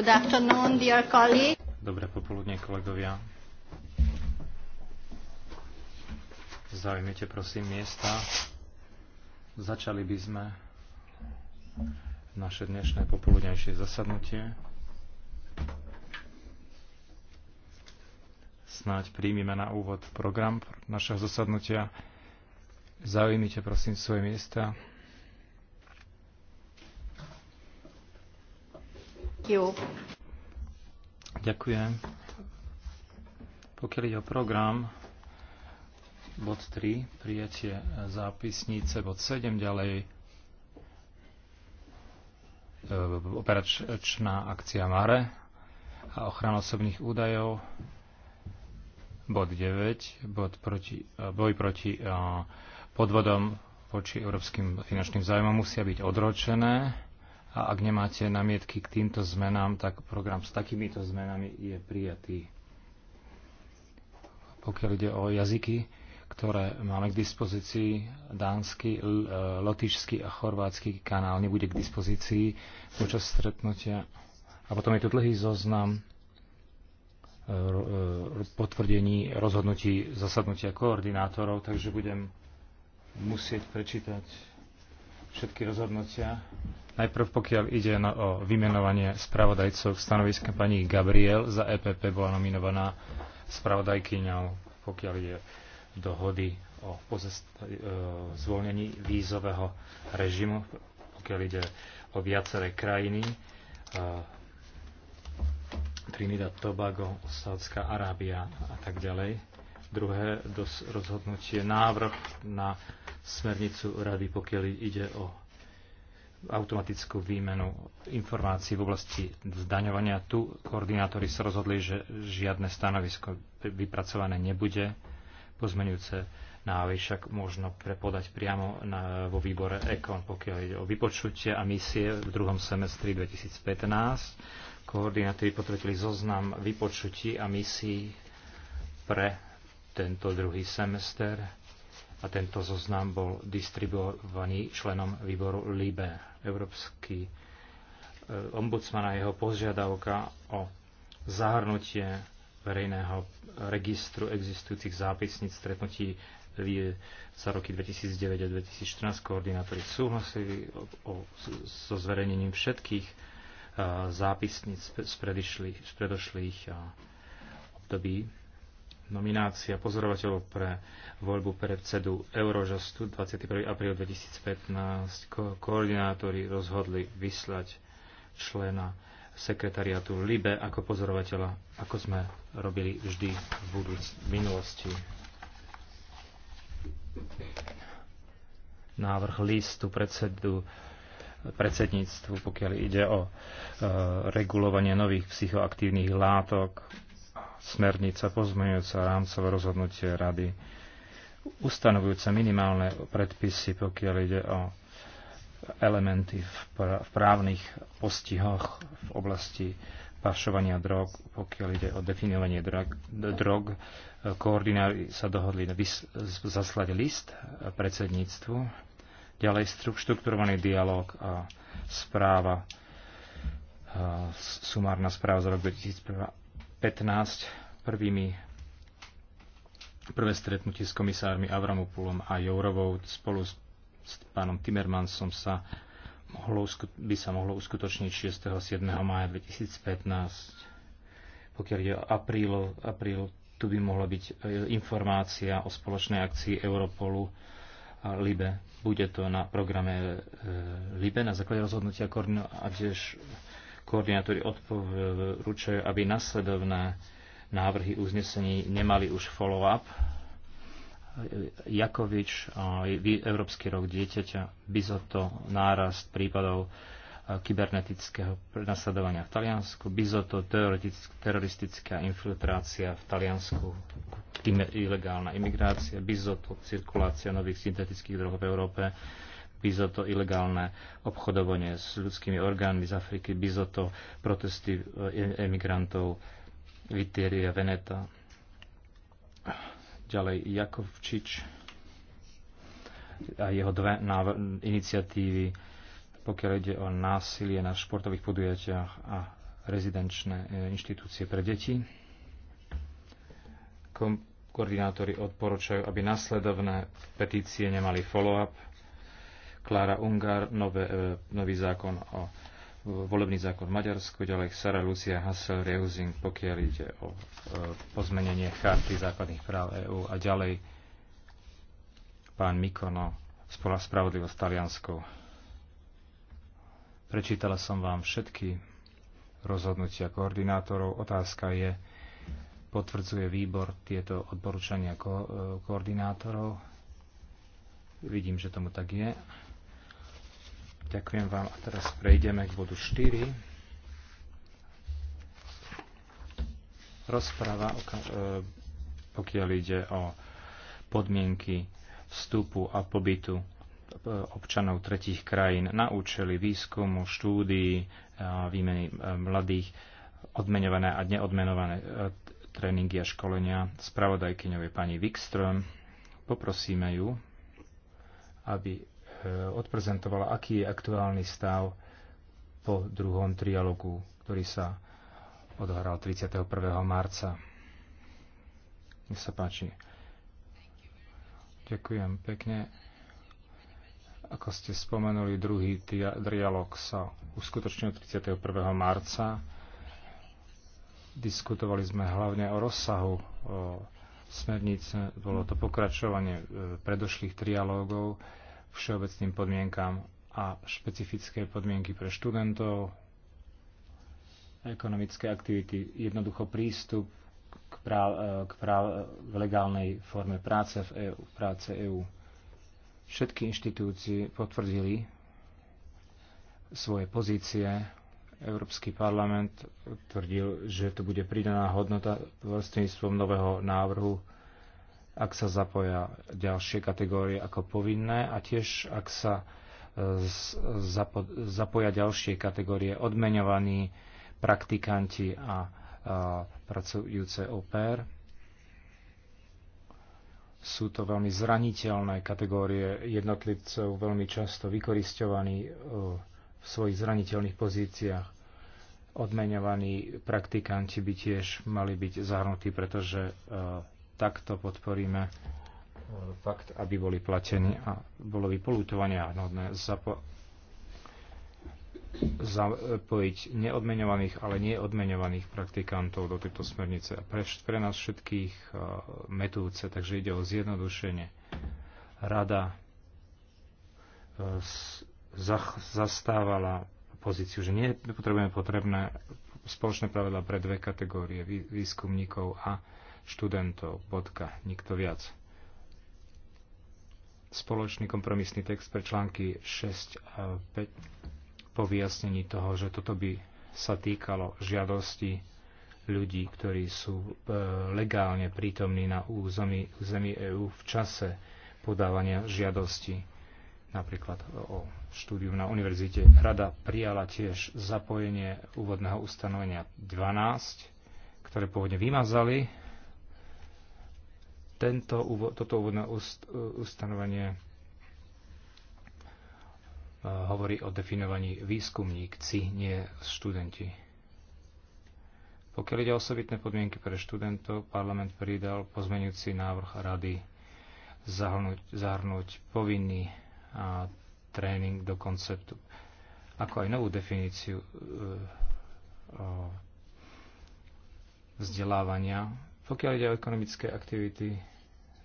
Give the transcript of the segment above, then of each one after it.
Good afternoon, dear Dobré popoludne, kolegovia. Zaujmite prosím miesta. Začali by sme naše dnešné popoludnejšie zasadnutie. Snáď príjmime na úvod program našeho zasadnutia. Zaujmite prosím svoje miesta. you. Ďakujem. Pokiaľ ide o program, bod 3, prijatie zápisnice, bod 7 ďalej, e, operačná akcia MARE a ochrana osobných údajov, bod 9, bod proti, e, boj proti e, podvodom voči európskym finančným zájmom musia byť odročené. A ak nemáte namietky k týmto zmenám, tak program s takýmito zmenami je prijatý. Pokiaľ ide o jazyky, ktoré máme k dispozícii, dánsky, e, lotišský a chorvátsky kanál nebude k dispozícii počas stretnutia. A potom je tu dlhý zoznam e, e, potvrdení rozhodnutí zasadnutia koordinátorov, takže budem musieť prečítať všetky rozhodnutia. Najprv pokiaľ ide na, no, o vymenovanie spravodajcov k stanoviska pani Gabriel za EPP bola nominovaná spravodajkyňou, pokiaľ ide dohody o pozest- e, zvolnení vízového režimu, pokiaľ ide o viaceré krajiny, e, Trinidad, Tobago, Saudská Arábia a tak ďalej. Druhé dos- rozhodnutie návrh na smernicu rady, pokiaľ ide o automatickú výmenu informácií v oblasti zdaňovania. Tu koordinátori sa rozhodli, že žiadne stanovisko vypracované nebude. Pozmenujúce návy však možno prepodať priamo na, vo výbore EKON, pokiaľ ide o vypočutie a misie v druhom semestri 2015. Koordinátori potvrdili zoznam vypočutí a misií pre tento druhý semester a tento zoznam bol distribuovaný členom výboru LIBE. Európsky e, ombudsman a jeho požiadavka o zahrnutie verejného registru existujúcich zápisníc stretnutí za roky 2009 a 2014 koordinátori súhlasili so zverejnením všetkých e, zápisníc z predošlých e, období nominácia pozorovateľov pre voľbu predsedu Eurožastu 21. apríl 2015 ko- koordinátori rozhodli vyslať člena sekretariatu LIBE ako pozorovateľa, ako sme robili vždy v, budúc- v minulosti. Návrh listu predsedu predsedníctvu, pokiaľ ide o e, regulovanie nových psychoaktívnych látok, smernica pozmeňujúca rámcové rozhodnutie rady, ustanovujúca minimálne predpisy, pokiaľ ide o elementy v právnych postihoch v oblasti pašovania drog, pokiaľ ide o definovanie drog, drog koordinári sa dohodli vys- zaslať list predsedníctvu, ďalej štrukturovaný dialog a správa, sumárna správa za rok 2001 15 prvými prvé stretnutie s komisármi Avramopulom a Jourovou spolu s, s pánom Timmermansom sa mohlo, by sa mohlo uskutočniť 6. a 7. maja 2015. Pokiaľ je apríl, apríl, tu by mohla byť e, informácia o spoločnej akcii Europolu a LIBE. Bude to na programe e, LIBE na základe rozhodnutia tiež. Koordinátori odporúčajú, aby nasledovné návrhy uznesení nemali už follow-up. Jakovič, Európsky rok dieťaťa, Bizoto, nárast prípadov kybernetického prenasledovania v Taliansku, Bizoto, teroristická infiltrácia v Taliansku, ilegálna imigrácia, Bizoto, cirkulácia nových syntetických drog v Európe, Bizoto ilegálne obchodovanie s ľudskými orgánmi z Afriky, Bizoto protesty e, emigrantov Vitéria Veneta. Ďalej Jakovčič a jeho dve iniciatívy, pokiaľ ide o násilie na športových podujatiach a rezidenčné e, inštitúcie pre deti. Kom- koordinátori odporúčajú, aby následovné petície nemali follow-up, Klára Ungar, nové, e, nový zákon o e, volebný zákon v Maďarsku, ďalej Sara Lucia Hassel Reusing, pokiaľ ide o e, pozmenenie charty základných práv EÚ a ďalej pán Mikono, spravodlivosť Talianskou. Prečítala som vám všetky rozhodnutia koordinátorov. Otázka je, potvrdzuje výbor tieto odporúčania ko- koordinátorov. Vidím, že tomu tak je. Ďakujem vám a teraz prejdeme k bodu 4. Rozpráva, e, pokiaľ ide o podmienky vstupu a pobytu e, občanov tretích krajín na účely výskumu, štúdií, výmeny e, mladých, odmenované a neodmenované tréningy a školenia. Spravodajkyňovej je pani Wikström. Poprosíme ju, aby Eh, odprezentovala, aký je aktuálny stav po druhom trialogu, ktorý sa odohral 31. marca. Nech sa páči. Ďakujem pekne. Ako ste spomenuli, druhý trialog sa uskutočnil 31. marca. Diskutovali sme hlavne o rozsahu smernice. Bolo to pokračovanie eh, predošlých trialógov všeobecným podmienkam a špecifické podmienky pre študentov, ekonomické aktivity, jednoducho prístup k, práv, e, k, práv, e, v legálnej forme práce v EU, práce EU. Všetky inštitúcie potvrdili svoje pozície. Európsky parlament tvrdil, že to bude pridaná hodnota vlastníctvom nového návrhu ak sa zapoja ďalšie kategórie ako povinné a tiež ak sa e, zapoja ďalšie kategórie odmeňovaní praktikanti a, pracujúce au opér. Sú to veľmi zraniteľné kategórie jednotlivcov, veľmi často vykoristovaní e, v svojich zraniteľných pozíciách. Odmeňovaní praktikanti by tiež mali byť zahrnutí, pretože e, takto podporíme e, fakt, aby boli platení a bolo by a hodné zapo- zapojiť neodmeňovaných, ale neodmeňovaných praktikantov do tejto smernice a pre, pre nás všetkých e, metúce, takže ide o zjednodušenie. Rada e, zastávala pozíciu, že nepotrebujeme potrebné spoločné pravidla pre dve kategórie výskumníkov a študentov, bodka, nikto viac. Spoločný kompromisný text pre články 6 a 5 po vyjasnení toho, že toto by sa týkalo žiadosti ľudí, ktorí sú e, legálne prítomní na území, území EÚ v čase podávania žiadosti, napríklad o štúdium na univerzite. Rada prijala tiež zapojenie úvodného ustanovenia 12, ktoré pôvodne vymazali tento, toto úvodné ustanovenie e, hovorí o definovaní výskumníkci, nie študenti. Pokiaľ ide o osobitné podmienky pre študentov, parlament pridal pozmenujúci návrh rady zahrnúť, zahrnúť povinný a, tréning do konceptu, ako aj novú definíciu e, e, vzdelávania pokiaľ ide o ekonomické aktivity,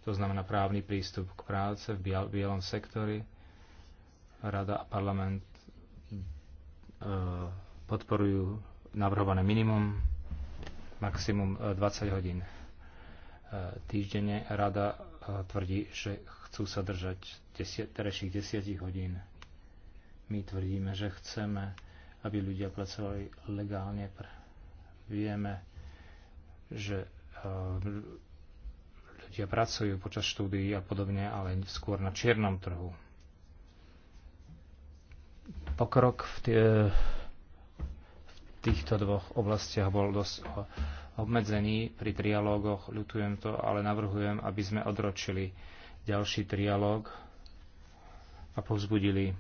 to znamená právny prístup k práce v bielom sektori, Rada a parlament e, podporujú navrhované minimum, maximum 20 e, hodín e, týždenne. Rada tvrdí, že chcú sa držať terejších 10 hodín. My tvrdíme, že chceme, aby ľudia pracovali legálne. Vieme, že Eh, ľudia pracujú počas štúdií a podobne, ale skôr na čiernom trhu. Pokrok v, tie, v týchto dvoch oblastiach bol dosť obmedzený pri trialógoch, ľutujem to, ale navrhujem, aby sme odročili ďalší trialóg a povzbudili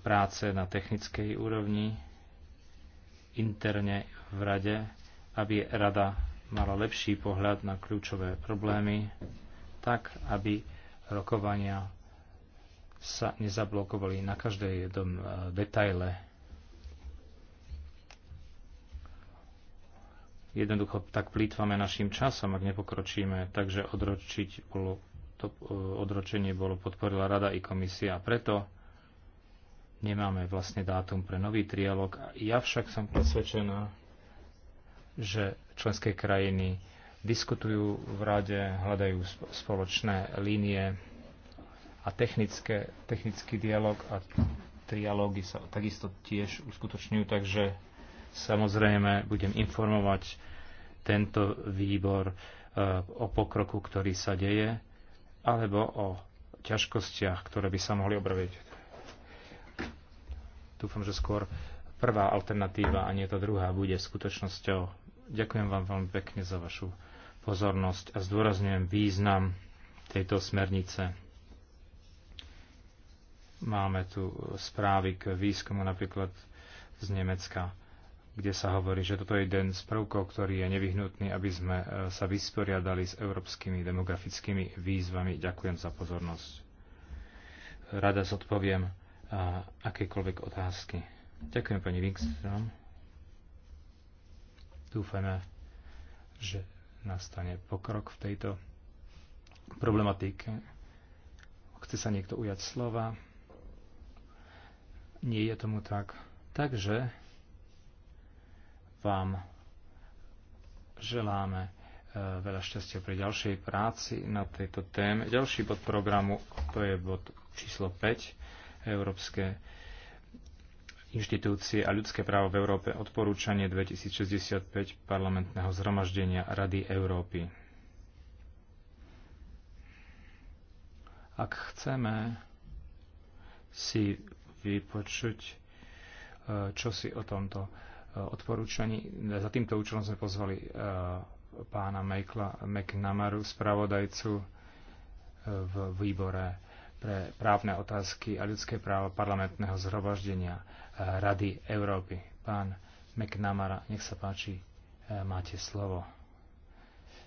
práce na technickej úrovni interne v rade, aby rada mala lepší pohľad na kľúčové problémy, tak aby rokovania sa nezablokovali na každej jednom e, detaile. Jednoducho tak plýtvame našim časom, ak nepokročíme, takže odročiť bolo, to e, odročenie bolo podporila Rada i komisia. Preto Nemáme vlastne dátum pre nový trialog. Ja však som presvedčená, že členské krajiny diskutujú v rade, hľadajú spoločné línie a technické, technický dialog a trialógy sa takisto tiež uskutočňujú, takže samozrejme budem informovať tento výbor e, o pokroku, ktorý sa deje, alebo o ťažkostiach, ktoré by sa mohli obraviť. Dúfam, že skôr prvá alternatíva a nie tá druhá bude skutočnosťou. Ďakujem vám veľmi pekne za vašu pozornosť a zdôrazňujem význam tejto smernice. Máme tu správy k výskumu napríklad z Nemecka, kde sa hovorí, že toto je jeden z prvkov, ktorý je nevyhnutný, aby sme e, sa vysporiadali s európskymi demografickými výzvami. Ďakujem za pozornosť. Rada zodpoviem a akékoľvek otázky. Ďakujem pani Wikström. Dúfame, že nastane pokrok v tejto problematike. Chce sa niekto ujať slova? Nie je tomu tak. Takže vám želáme e, veľa šťastia pri ďalšej práci na tejto téme. Ďalší bod programu, to je bod číslo 5 európske inštitúcie a ľudské právo v Európe odporúčanie 2065 parlamentného zhromaždenia Rady Európy. Ak chceme si vypočuť, e, čo si o tomto e, odporúčaní, za týmto účelom sme pozvali e, pána Michaela McNamaru, spravodajcu v výbore pre právne otázky a ľudské práva parlamentného zhromaždenia eh, Rady Európy. Pán McNamara, nech sa páči, eh, máte slovo.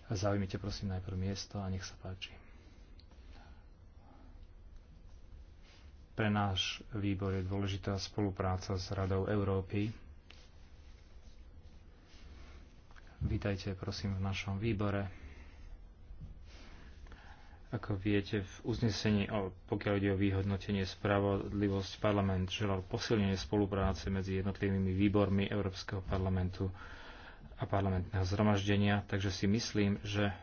Zaujímite prosím najprv miesto a nech sa páči. Pre náš výbor je dôležitá spolupráca s Radou Európy. Vítajte prosím v našom výbore. Ako viete, v uznesení, o, pokiaľ ide o vyhodnotenie spravodlivosť, parlament želal posilnenie spolupráce medzi jednotlivými výbormi Európskeho parlamentu a parlamentného zhromaždenia, takže si myslím, že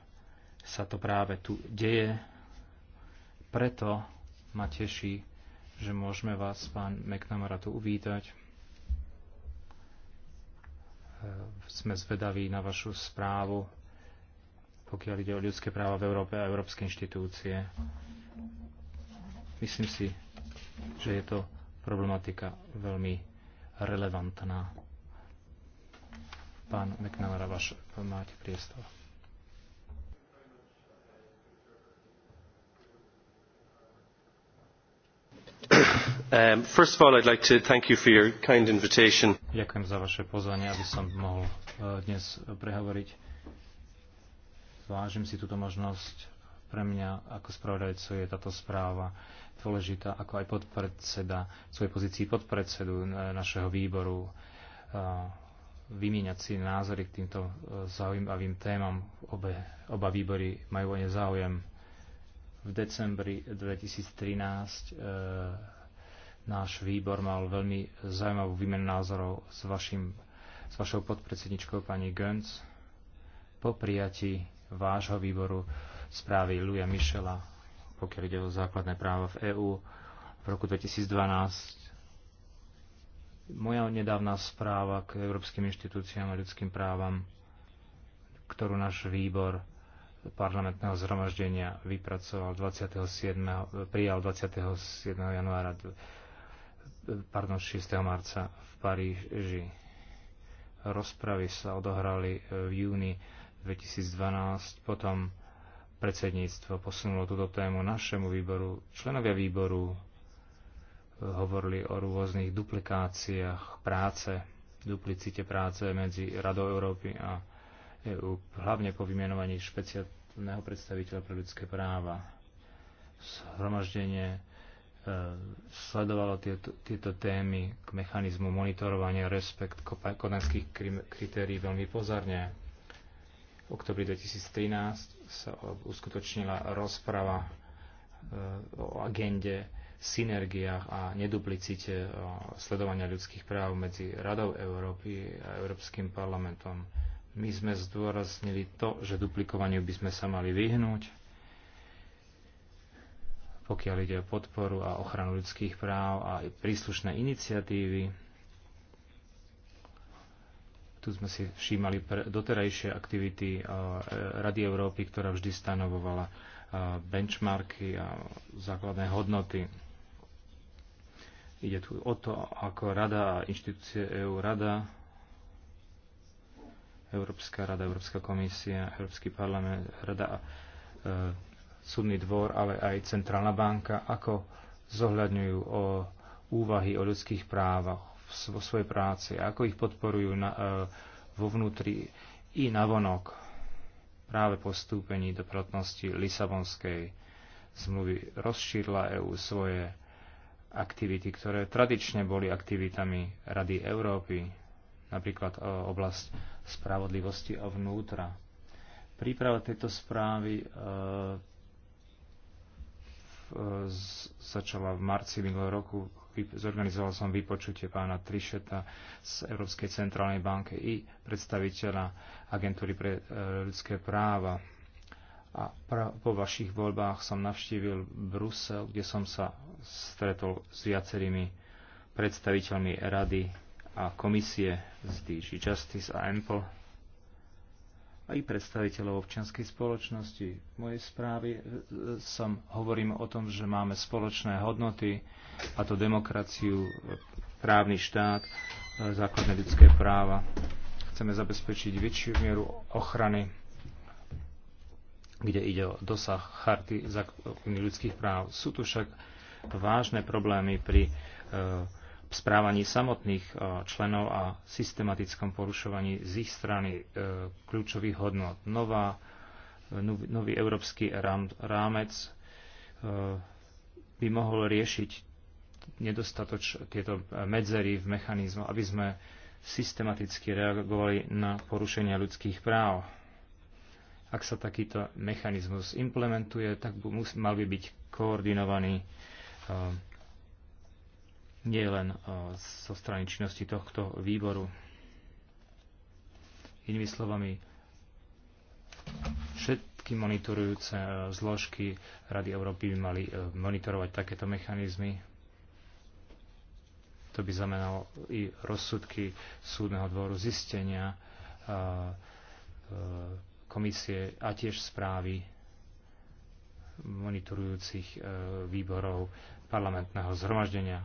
sa to práve tu deje. Preto ma teší, že môžeme vás, pán McNamara, tu uvítať. E, sme zvedaví na vašu správu pokiaľ ide o ľudské práva v Európe a európske inštitúcie. Myslím si, že je to problematika veľmi relevantná. Pán McNamara, vaš, máte priestor. Um, first of all, I'd like to thank you for your kind invitation. Ďakujem za vaše pozvanie, aby som mohol uh, dnes uh, prehovoriť Vážim si túto možnosť. Pre mňa ako spravodajcu je táto správa dôležitá ako aj podpredseda, v svojej pozícii podpredsedu našeho výboru vymieňať si názory k týmto e, zaujímavým témam. Obe, oba výbory majú o ne záujem. V decembri 2013 e, náš výbor mal veľmi zaujímavú výmenu názorov s, vašim, s vašou podpredsedničkou pani Gönc po prijatí vášho výboru správy Luja Michela, pokiaľ ide o základné práva v EÚ v roku 2012. Moja nedávna správa k európskym inštitúciám a ľudským právam, ktorú náš výbor parlamentného zhromaždenia vypracoval 27, prijal 27. januára pardon, 6. marca v Paríži. Rozpravy sa odohrali v júni 2012. Potom predsedníctvo posunulo túto tému našemu výboru. Členovia výboru eh, hovorili o rôznych duplikáciách práce, duplicite práce medzi Radou Európy a EU, hlavne po vymenovaní špeciálneho predstaviteľa pre ľudské práva. Zhromaždenie eh, sledovalo tieto, tieto témy k mechanizmu monitorovania respekt kodanských kritérií veľmi pozorne v oktobri 2013 sa uskutočnila rozprava e, o agende, synergiách a neduplicite e, sledovania ľudských práv medzi Radou Európy a Európskym parlamentom. My sme zdôraznili to, že duplikovaniu by sme sa mali vyhnúť, pokiaľ ide o podporu a ochranu ľudských práv a príslušné iniciatívy tu sme si všímali doterajšie aktivity eh, Rady Európy, ktorá vždy stanovovala eh, benchmarky a základné hodnoty. Ide tu o to, ako Rada a inštitúcie EU Rada, Európska rada, Európska komisia, Európsky parlament, Rada a eh, súdny dvor, ale aj Centrálna banka, ako zohľadňujú o úvahy o ľudských právach vo svojej práci, ako ich podporujú na, e, vo vnútri i navonok práve po do platnosti Lisabonskej zmluvy rozšírila EÚ svoje aktivity, ktoré tradične boli aktivitami Rady Európy, napríklad e, oblasť spravodlivosti a vnútra. Príprava tejto správy e, začala v marci minulého roku. Zorganizoval som vypočutie pána Trišeta z Európskej centrálnej banky i predstaviteľa agentúry pre e, ľudské práva. A pra, po vašich voľbách som navštívil Brusel, kde som sa stretol s viacerými predstaviteľmi rady a komisie z DG Justice a Ample aj predstaviteľov občianskej spoločnosti. V mojej správe e, som hovorím o tom, že máme spoločné hodnoty, a to demokraciu, právny štát, e, základné ľudské práva. Chceme zabezpečiť väčšiu mieru ochrany, kde ide o dosah charty základných ľudských práv. Sú tu však vážne problémy pri uh, správaní samotných e, členov a systematickom porušovaní z ich strany e, kľúčových hodnot. Nová, e, nový európsky rámec by mohol riešiť nedostatoč tieto medzery v mechanizmu, aby sme systematicky reagovali na porušenia ľudských práv. Ak sa takýto mechanizmus implementuje, tak mal by byť koordinovaný nie len zo so strany činnosti tohto výboru. Inými slovami, všetky monitorujúce e, zložky Rady Európy by mali e, monitorovať takéto mechanizmy. To by znamenalo i rozsudky súdneho dvoru zistenia e, komisie a tiež správy monitorujúcich výborov parlamentného zhromaždenia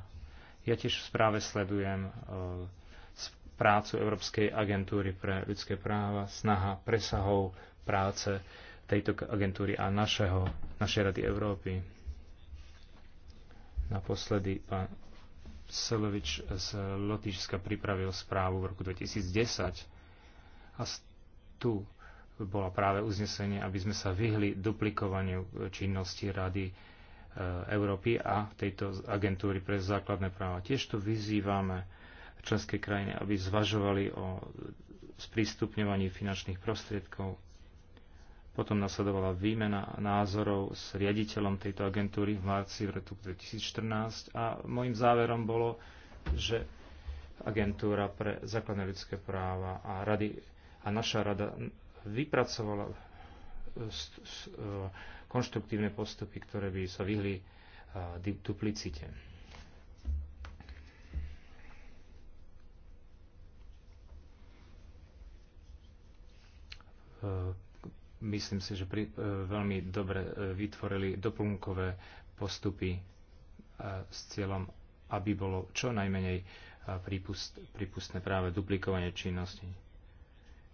ja tiež v správe sledujem e, prácu Európskej agentúry pre ľudské práva, snaha presahov práce tejto agentúry a našeho, našej Rady Európy. Naposledy pán Selovič z Lotyšska pripravil správu v roku 2010 a tu bola práve uznesenie, aby sme sa vyhli duplikovaniu činnosti Rady E, Európy a tejto agentúry pre základné práva. Tiež tu vyzývame členské krajiny, aby zvažovali o sprístupňovaní finančných prostriedkov. Potom nasledovala výmena názorov s riaditeľom tejto agentúry v marci v roku 2014 a môjim záverom bolo, že agentúra pre základné ľudské práva a, rady, a naša rada vypracovala st- st- konštruktívne postupy, ktoré by sa vyhli duplicite. E, myslím si, že pri, e, veľmi dobre e, vytvorili doplnkové postupy s cieľom, aby bolo čo najmenej prípustné práve duplikovanie činnosti.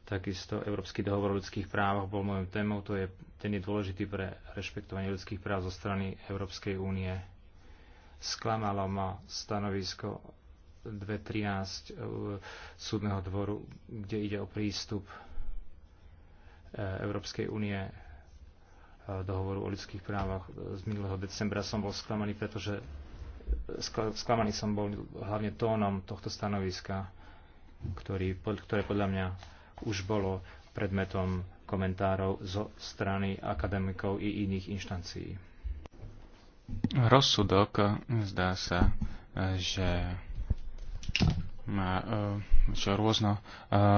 Takisto Európsky dohovor o ľudských právach bol mojou témou, to je, ten je dôležitý pre rešpektovanie ľudských práv zo strany Európskej únie. Sklamalo ma stanovisko 213 e, súdneho dvoru, kde ide o prístup e, Európskej únie e, dohovoru o ľudských právach. Z minulého decembra som bol sklamaný, pretože sklamaný som bol hlavne tónom tohto stanoviska, ktorý, ktoré podľa mňa už bolo predmetom komentárov zo strany akademikov i iných inštancií. Rozsudok zdá sa, že má čo, e, rôzno e,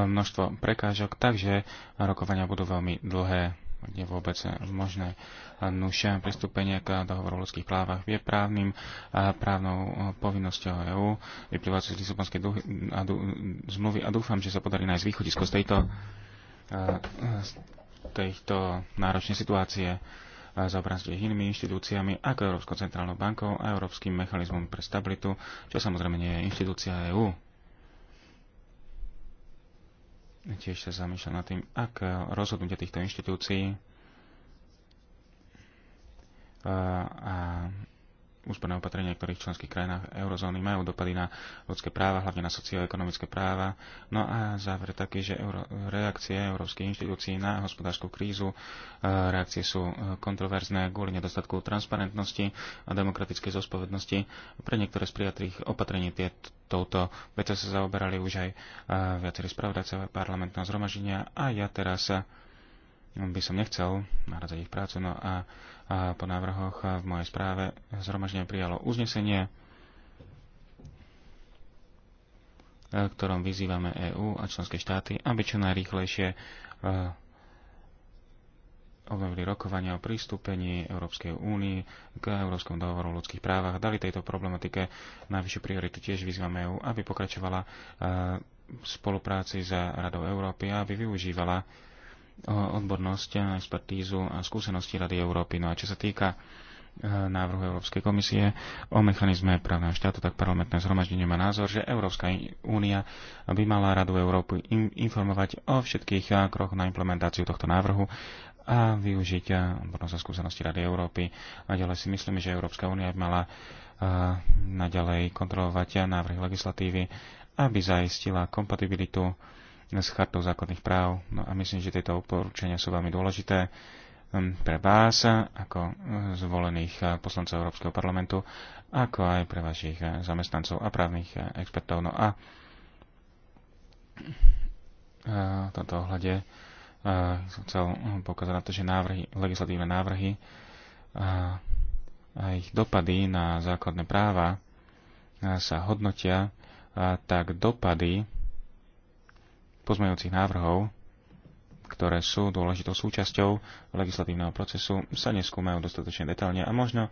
množstvo prekážok, takže rokovania budú veľmi dlhé je vôbec možné. Nuša pristúpenie k dohovoru o ľudských právach je právnym a právnou povinnosťou EÚ vyplývajúcej z Lisabonskej zmluvy a dúfam, že sa podarí nájsť východisko z tejto, z tejto náročnej situácie zaobrať s inými inštitúciami ako Európskou centrálnou bankou a Európskym mechanizmom pre stabilitu, čo samozrejme nie je inštitúcia EÚ tiež sa zamýšľa nad tým, ak eh, rozhodnutia týchto inštitúcií eh, a úsporné opatrenia, ktorých v členských krajinách eurozóny majú dopady na ľudské práva, hlavne na socioekonomické práva. No a záver taký, že euro, reakcie európskych inštitúcií na hospodárskú krízu, e, reakcie sú e, kontroverzné kvôli nedostatku transparentnosti a demokratickej zodpovednosti. Pre niektoré z prijatých opatrení tie, touto vecou sa zaoberali už aj e, viacerí spravodajcovia parlamentného zhromaždenia a ja teraz by som nechcel nahradzať ich prácu. No a, a po návrhoch v mojej správe zhromaždenie prijalo uznesenie, v ktorom vyzývame EÚ a členské štáty, aby čo najrýchlejšie e, obnovili rokovania o prístupení Európskej únii k Európskom dohovoru o ľudských právach. Dali tejto problematike najvyššiu prioritu tiež vyzývame EÚ, aby pokračovala e, v spolupráci s Radou Európy a aby využívala odbornosť odbornosť, expertízu a skúsenosti Rady Európy. No a čo sa týka e, návrhu Európskej komisie o mechanizme právneho štátu, tak parlamentné zhromaždenie má názor, že Európska únia by mala Radu Európy informovať o všetkých e, krokoch na implementáciu tohto návrhu a využiť e, odbornosť a skúsenosti Rady Európy. A ďalej si myslíme, že Európska únia by mala naďalej kontrolovať návrhy legislatívy, aby zaistila kompatibilitu s chartou základných práv. No a myslím, že tieto odporúčania sú veľmi dôležité um, pre vás ako uh, zvolených uh, poslancov Európskeho parlamentu, ako aj pre vašich uh, zamestnancov a právnych expertov. No a v tomto ohľade som chcel pokázať na to, že návrhy, legislatívne návrhy a, ich dopady na základné práva sa hodnotia, tak dopady pozmejúcich návrhov, ktoré sú dôležitou súčasťou legislatívneho procesu, sa neskúmajú dostatočne detálne a možno e,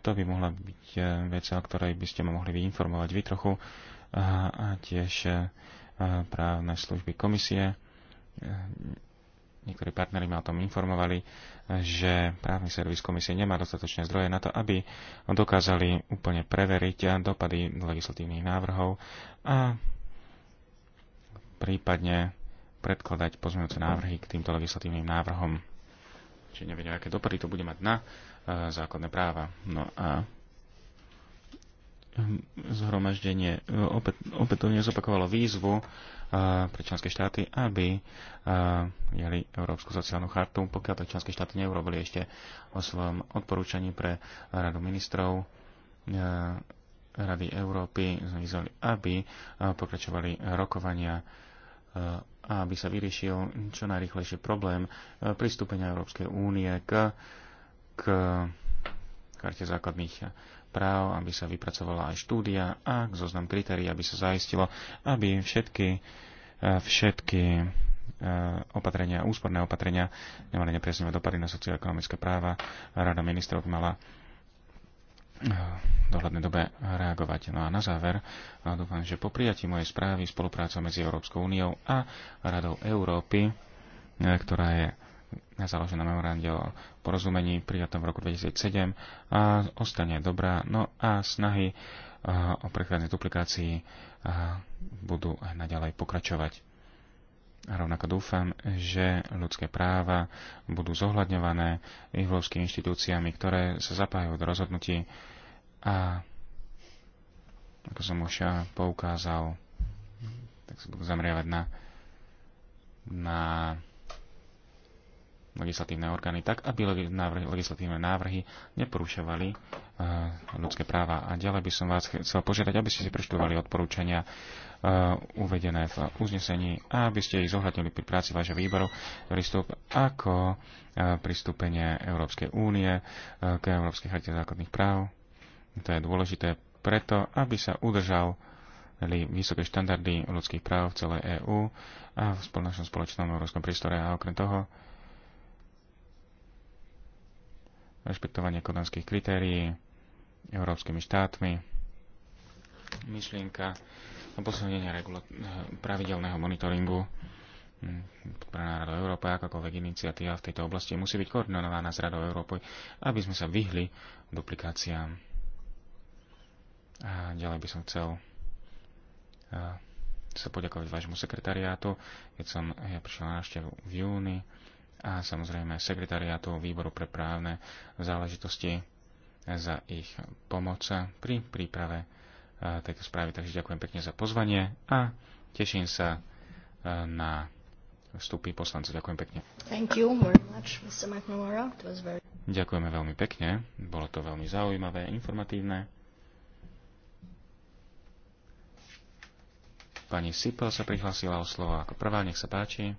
to by mohla byť e, vec, o ktorej by ste ma mohli vyinformovať vy trochu e, a tiež právne služby komisie. Niektorí partneri ma o tom informovali, že právny servis komisie nemá dostatočné zdroje na to, aby dokázali úplne preveriť dopady legislatívnych návrhov a prípadne predkladať pozmeňujúce návrhy k týmto legislatívnym návrhom. Čiže nevedia, aké dopady to bude mať na e, základné práva. No a zhromaždenie e, opäť, opätovne zopakovalo výzvu e, pre členské štáty, aby prijali e, Európsku sociálnu chartu, pokiaľ to členské štáty neurobili ešte o svojom odporúčaní pre Radu ministrov Rady Európy, aby pokračovali rokovania a aby sa vyriešil čo najrychlejšie problém e, pristúpenia Európskej únie k, k karte základných práv, aby sa vypracovala aj štúdia a k zoznam kritérií, aby sa zaistilo, aby všetky, e, všetky e, opatrenia, úsporné opatrenia nemali nepriaznivé dopady na socioekonomické práva. Rada ministrov mala dohľadnej dobe reagovať. No a na záver dúfam, že po prijatí mojej správy spolupráca medzi Európskou úniou a Radou Európy, e, ktorá je založená memorande o porozumení prijatom v roku 2007 a ostane dobrá. No a snahy e, o prechádzanej duplikácii e, budú aj naďalej pokračovať. A rovnako dúfam, že ľudské práva budú zohľadňované ihlovskými inštitúciami, ktoré sa zapájajú do rozhodnutí a ako som už ja poukázal, tak sa budú zamriavať na, na legislatívne orgány tak, aby návrhy, legislatívne návrhy neporušovali eh, ľudské práva. A ďalej by som vás chcel požiadať, aby ste si preštudovali odporúčania eh, uvedené v uznesení a aby ste ich zohľadnili pri práci vášho výboru prístup ako eh, pristúpenie Európskej únie k Európskej charte základných práv. To je dôležité preto, aby sa udržal vysoké štandardy ľudských práv v celej EÚ a v spoločnom spoločnom európskom prístore a okrem toho rešpektovanie kodanských kritérií európskymi štátmi, myšlienka a posilnenia pravidelného monitoringu hm, pre národov Európy, akákoľvek iniciatíva v tejto oblasti musí byť koordinovaná s Radou Európy, aby sme sa vyhli duplikáciám. A ďalej by som chcel sa poďakovať vášmu sekretariátu, keď som ja prišiel na návštevu v júni a samozrejme sekretariátu Výboru pre právne záležitosti za ich pomoc pri príprave e, tejto správy. Takže ďakujem pekne za pozvanie a teším sa e, na vstupy poslancov. Ďakujem pekne. Much, very... Ďakujeme veľmi pekne. Bolo to veľmi zaujímavé, informatívne. Pani Sipel sa prihlásila o slovo ako prvá. Nech sa páči.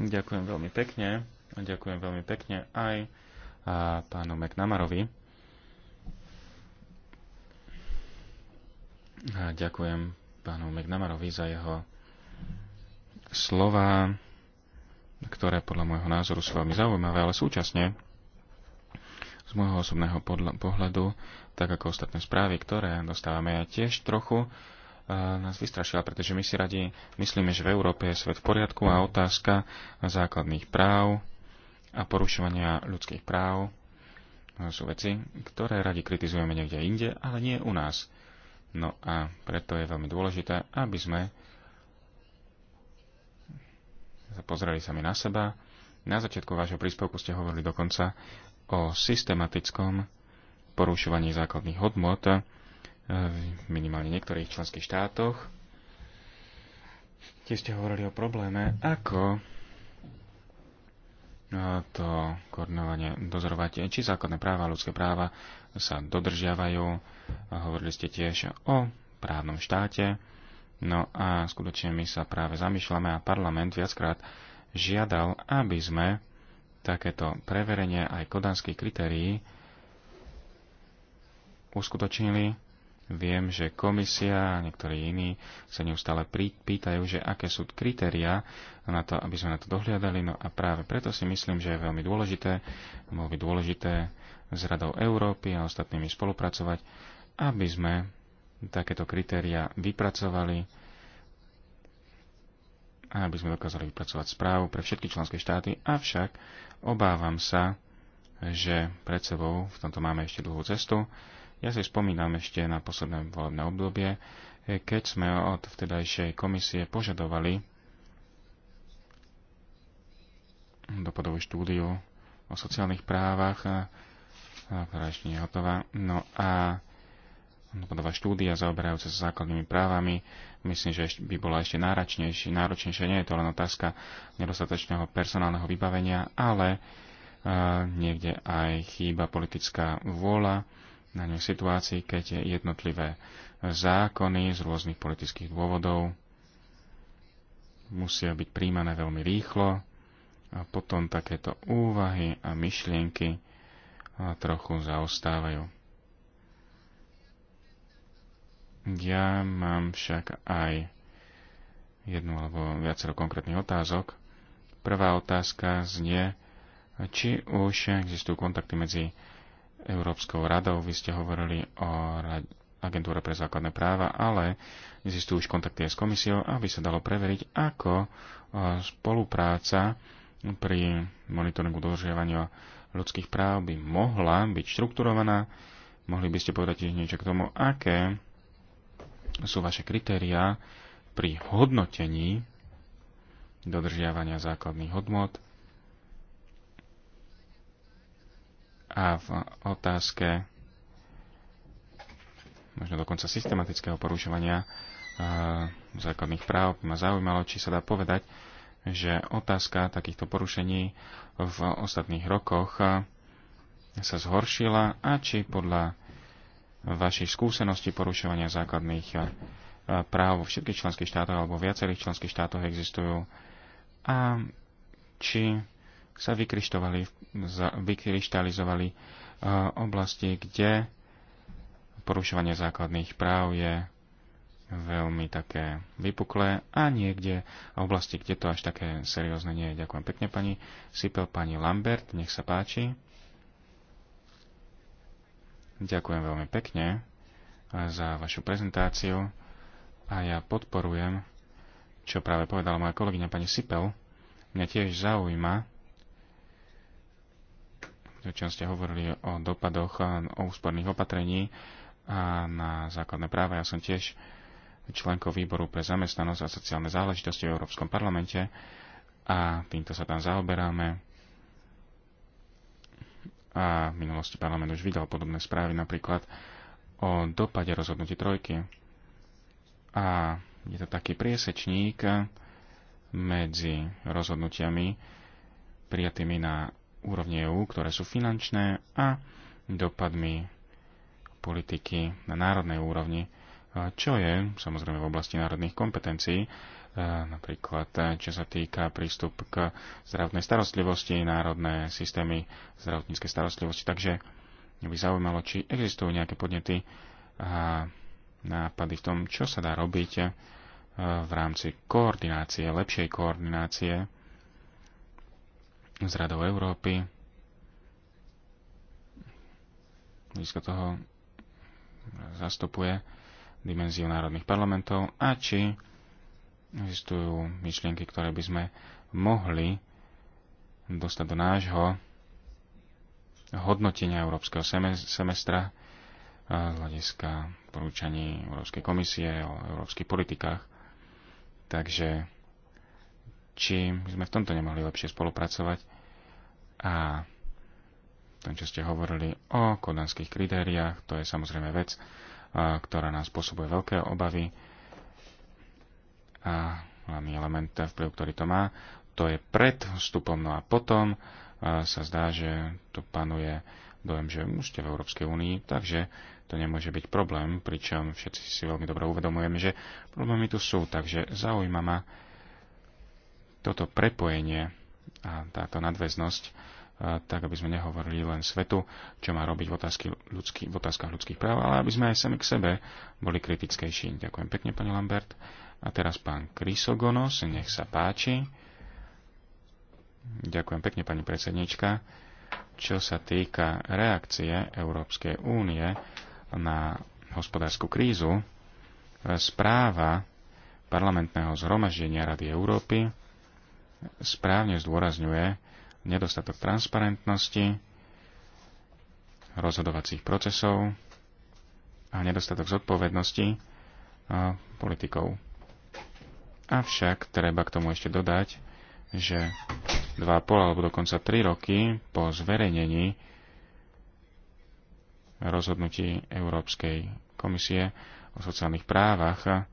Ďakujem veľmi pekne a ďakujem veľmi pekne aj a pánu McNamarovi. A ďakujem pánu McNamarovi za jeho slova, ktoré podľa môjho názoru sú veľmi zaujímavé, ale súčasne z môjho osobného pohľadu, tak ako ostatné správy, ktoré dostávame, ja tiež trochu nás vystrašila, pretože my si radi myslíme, že v Európe je svet v poriadku a otázka základných práv a porušovania ľudských práv sú veci, ktoré radi kritizujeme niekde inde, ale nie u nás. No a preto je veľmi dôležité, aby sme pozreli sami na seba. Na začiatku vášho príspevku ste hovorili dokonca o systematickom porušovaní základných hodnot minimálne niektorých členských štátoch. Tiež ste hovorili o probléme, ako to koordinovanie dozorovať, či základné práva a ľudské práva sa dodržiavajú. Hovorili ste tiež o právnom štáte. No a skutočne my sa práve zamýšľame a parlament viackrát žiadal, aby sme takéto preverenie aj kodanských kritérií uskutočnili Viem, že komisia a niektorí iní sa neustále pýtajú, že aké sú kritériá na to, aby sme na to dohliadali. No a práve preto si myslím, že je veľmi dôležité, bolo by dôležité s Radou Európy a ostatnými spolupracovať, aby sme takéto kritéria vypracovali a aby sme dokázali vypracovať správu pre všetky členské štáty. Avšak obávam sa, že pred sebou v tomto máme ešte dlhú cestu ja si spomínam ešte na posledné volebné obdobie, eh, keď sme od vtedajšej komisie požadovali dopadovú štúdiu o sociálnych právach, eh, ktorá ešte nie je hotová. No a dopadová štúdia zaoberajúca sa základnými právami, myslím, že by bola ešte náročnejšia. Náročnejšia nie je to len otázka nedostatočného personálneho vybavenia, ale eh, niekde aj chýba politická vôľa na ne situácii, keď jednotlivé zákony z rôznych politických dôvodov musia byť príjmané veľmi rýchlo a potom takéto úvahy a myšlienky trochu zaostávajú. Ja mám však aj jednu alebo viacero konkrétnych otázok. Prvá otázka znie, či už existujú kontakty medzi Európskou radou. Vy ste hovorili o agentúre pre základné práva, ale existujú už kontakty aj s komisiou, aby sa dalo preveriť, ako spolupráca pri monitoringu dodržiavania ľudských práv by mohla byť štrukturovaná. Mohli by ste povedať niečo k tomu, aké sú vaše kritériá pri hodnotení dodržiavania základných hodnot a v otázke možno dokonca systematického porušovania e, základných práv by ma zaujímalo, či sa dá povedať, že otázka takýchto porušení v ostatných rokoch e, sa zhoršila a či podľa vašich skúseností porušovania základných e, práv vo všetkých členských štátoch alebo viacerých členských štátoch existujú a či sa vykrištalizovali uh, oblasti, kde porušovanie základných práv je veľmi také vypuklé a niekde oblasti, kde to až také seriózne nie je. Ďakujem pekne pani Sipel, pani Lambert, nech sa páči. Ďakujem veľmi pekne uh, za vašu prezentáciu a ja podporujem, čo práve povedala moja kolegyňa pani Sipel. Mňa tiež zaujíma čom ste hovorili o dopadoch, o úsporných opatrení a na základné práva. Ja som tiež členkou výboru pre zamestnanosť a sociálne záležitosti v Európskom parlamente a týmto sa tam zaoberáme. A v minulosti parlament už vydal podobné správy napríklad o dopade rozhodnutí trojky. A je to taký priesečník medzi rozhodnutiami prijatými na úrovni EÚ, ktoré sú finančné a dopadmi politiky na národnej úrovni, e, čo je samozrejme v oblasti národných kompetencií, e, napríklad e, čo sa týka prístup k zdravotnej starostlivosti, národné systémy zdravotníckej starostlivosti. Takže mňa by zaujímalo, či existujú nejaké podnety a nápady v tom, čo sa dá robiť v rámci koordinácie, lepšej koordinácie z Radou Európy. Blízko toho zastupuje dimenziu národných parlamentov a či existujú myšlienky, ktoré by sme mohli dostať do nášho hodnotenia európskeho semestra eh, z hľadiska porúčaní Európskej komisie o európskych politikách. Takže či sme v tomto nemohli lepšie spolupracovať a v tom, čo ste hovorili o kodanských kritériách, to je samozrejme vec, ktorá nás spôsobuje veľké obavy a hlavný element vplyv, ktorý to má, to je pred vstupom, no a potom sa zdá, že tu panuje dojem, že už ste v Európskej únii, takže to nemôže byť problém, pričom všetci si veľmi dobre uvedomujeme, že problémy tu sú, takže zaujíma ma, toto prepojenie a táto nadväznosť, e, tak aby sme nehovorili len svetu, čo má robiť v, otázky ľudský, v otázkach ľudských práv, ale aby sme aj sami k sebe boli kritickejší. Ďakujem pekne, pani Lambert. A teraz pán Krysogonos, nech sa páči. Ďakujem pekne, pani predsednička. Čo sa týka reakcie Európskej únie na hospodárskú krízu, správa parlamentného zhromaždenia Rady Európy správne zdôrazňuje nedostatok transparentnosti, rozhodovacích procesov a nedostatok zodpovednosti politikov. Avšak treba k tomu ešte dodať, že 2,5 alebo dokonca 3 roky po zverejnení rozhodnutí Európskej komisie o sociálnych právach,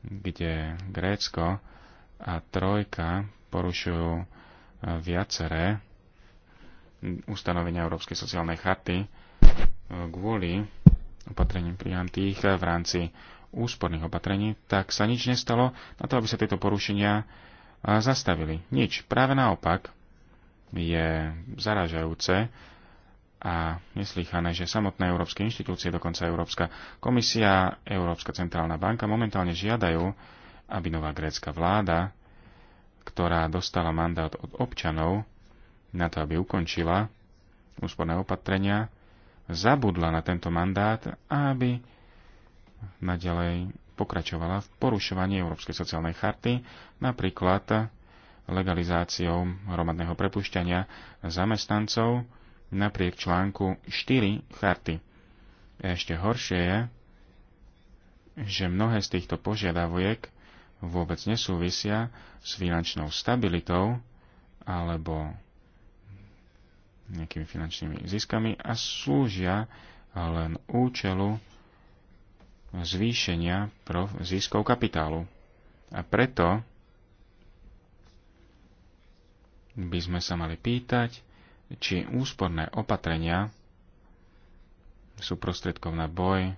kde Grécko a trojka porušujú e, viaceré ustanovenia Európskej sociálnej charty e, kvôli opatrením prijatých v rámci úsporných opatrení, tak sa nič nestalo na to, aby sa tieto porušenia e, zastavili. Nič. Práve naopak je zaražajúce a neslychané, že samotné európske inštitúcie, dokonca Európska komisia, Európska centrálna banka momentálne žiadajú aby nová grécka vláda, ktorá dostala mandát od občanov na to, aby ukončila úsporné opatrenia, zabudla na tento mandát a aby naďalej pokračovala v porušovaní Európskej sociálnej charty, napríklad legalizáciou hromadného prepušťania zamestnancov napriek článku 4 charty. Ešte horšie je, že mnohé z týchto požiadaviek vôbec nesúvisia s finančnou stabilitou alebo nejakými finančnými ziskami a slúžia len účelu zvýšenia pro ziskov kapitálu. A preto by sme sa mali pýtať, či úsporné opatrenia sú prostriedkom na boj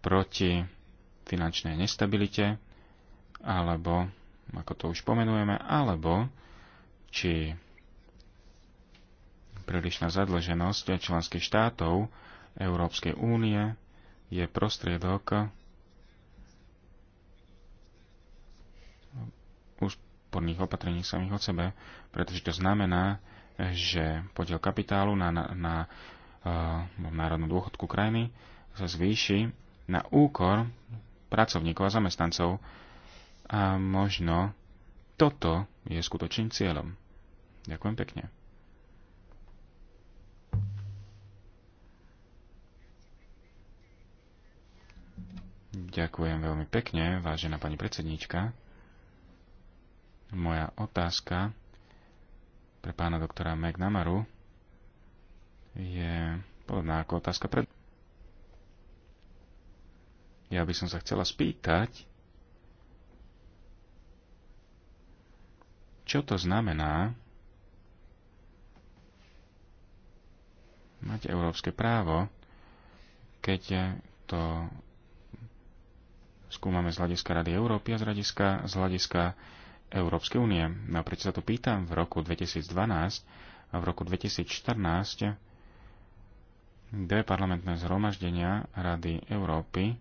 proti finančnej nestabilite alebo ako to už pomenujeme, alebo či prílišná zadlženosť členských štátov Európskej únie je prostriedok úsporných opatrení samých od sebe, pretože to znamená, že podiel kapitálu na, na, na uh, národnú dôchodku krajiny sa zvýši na úkor pracovníkov a zamestnancov. A možno toto je skutočným cieľom. Ďakujem pekne. Ďakujem veľmi pekne, vážená pani predsedníčka. Moja otázka pre pána doktora McNamaru je podobná ako otázka pred... Ja by som sa chcela spýtať, čo to znamená mať európske právo, keď to skúmame z hľadiska Rady Európy a z hľadiska, z hľadiska Európskej únie. No a prečo sa to pýtam? V roku 2012 a v roku 2014 dve parlamentné zhromaždenia Rady Európy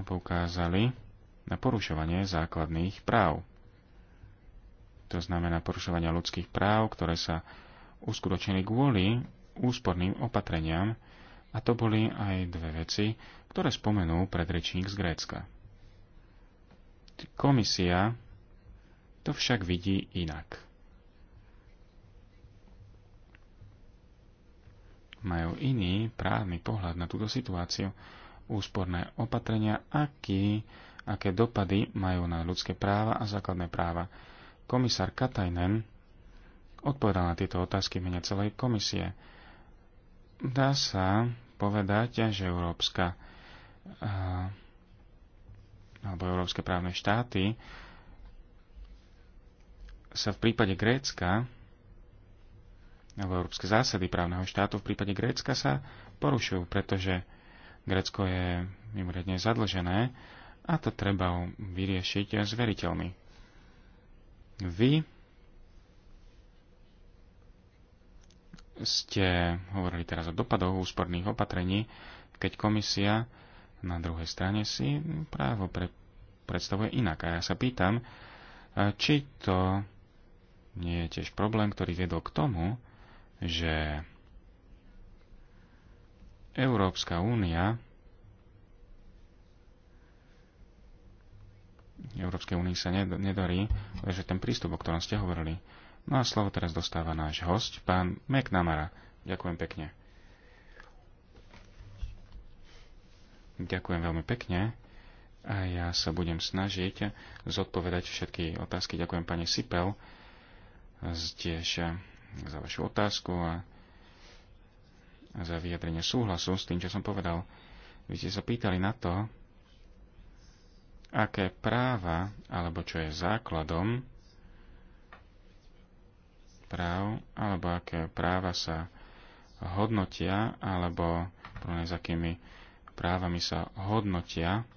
poukázali na porušovanie základných práv to znamená porušovania ľudských práv, ktoré sa uskutočnili kvôli úsporným opatreniam, a to boli aj dve veci, ktoré spomenul predrečník z Grécka. Komisia to však vidí inak. Majú iný právny pohľad na túto situáciu, úsporné opatrenia, aký, aké dopady majú na ľudské práva a základné práva Komisár Katajnen odpovedal na tieto otázky mene celej komisie. Dá sa povedať, že Európska eh, alebo Európske právne štáty sa v prípade Grécka alebo európske zásady právneho štátu v prípade Grécka sa porušujú, pretože Grécko je mimoriadne zadlžené a to treba vyriešiť s veriteľmi. Vy ste hovorili teraz o dopadoch úsporných opatrení, keď komisia na druhej strane si právo pre, predstavuje inak. A ja sa pýtam, e, či to nie je tiež problém, ktorý viedol k tomu, že Európska únia Európskej únii sa nedarí, že ten prístup, o ktorom ste hovorili. No a slovo teraz dostáva náš host, pán McNamara. Ďakujem pekne. Ďakujem veľmi pekne. A ja sa budem snažiť zodpovedať všetky otázky. Ďakujem pani Sipel tiež za vašu otázku a za vyjadrenie súhlasu s tým, čo som povedal. Vy ste sa pýtali na to, aké práva, alebo čo je základom práv, alebo aké práva sa hodnotia, alebo prvne s akými právami sa hodnotia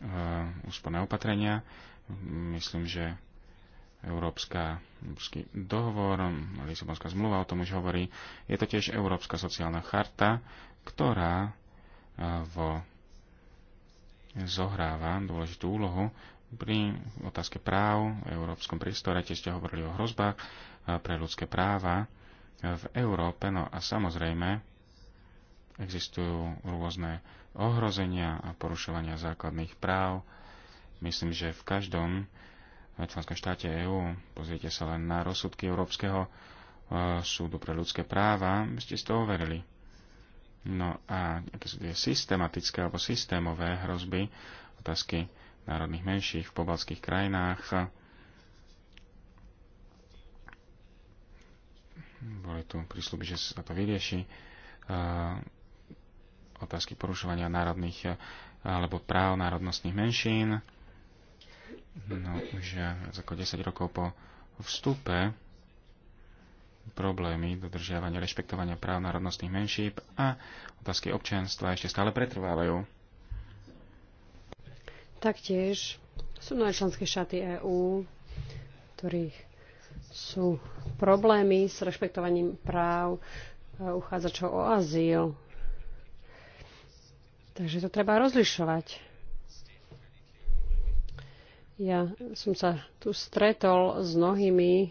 eh, úsporné opatrenia. Myslím, že Európska, Európsky dohovor, Lisabonská zmluva o tom už hovorí. Je to tiež Európska sociálna charta, ktorá e, v zohráva dôležitú úlohu pri otázke práv v európskom priestore. Tiež ste hovorili o hrozbách e, pre ľudské práva v Európe. No a samozrejme existujú rôzne ohrozenia a porušovania základných práv. Myslím, že v každom členskom štáte EÚ, pozrite sa len na rozsudky Európskeho e, súdu pre ľudské práva, by ste z toho verili. No a aké sú tie systematické alebo systémové hrozby, otázky národných menších v pobalských krajinách. Boli tu prísľuby, že sa to vyrieši. E, otázky porušovania národných e, alebo práv národnostných menšín. No už e, ako 10 rokov po vstupe problémy dodržiavania, rešpektovania práv národnostných menšíp a otázky občianstva ešte stále pretrvávajú. Taktiež sú na členské štáty EÚ, ktorých sú problémy s rešpektovaním práv e, uchádzačov o azyl. Takže to treba rozlišovať. Ja som sa tu stretol s mnohými e,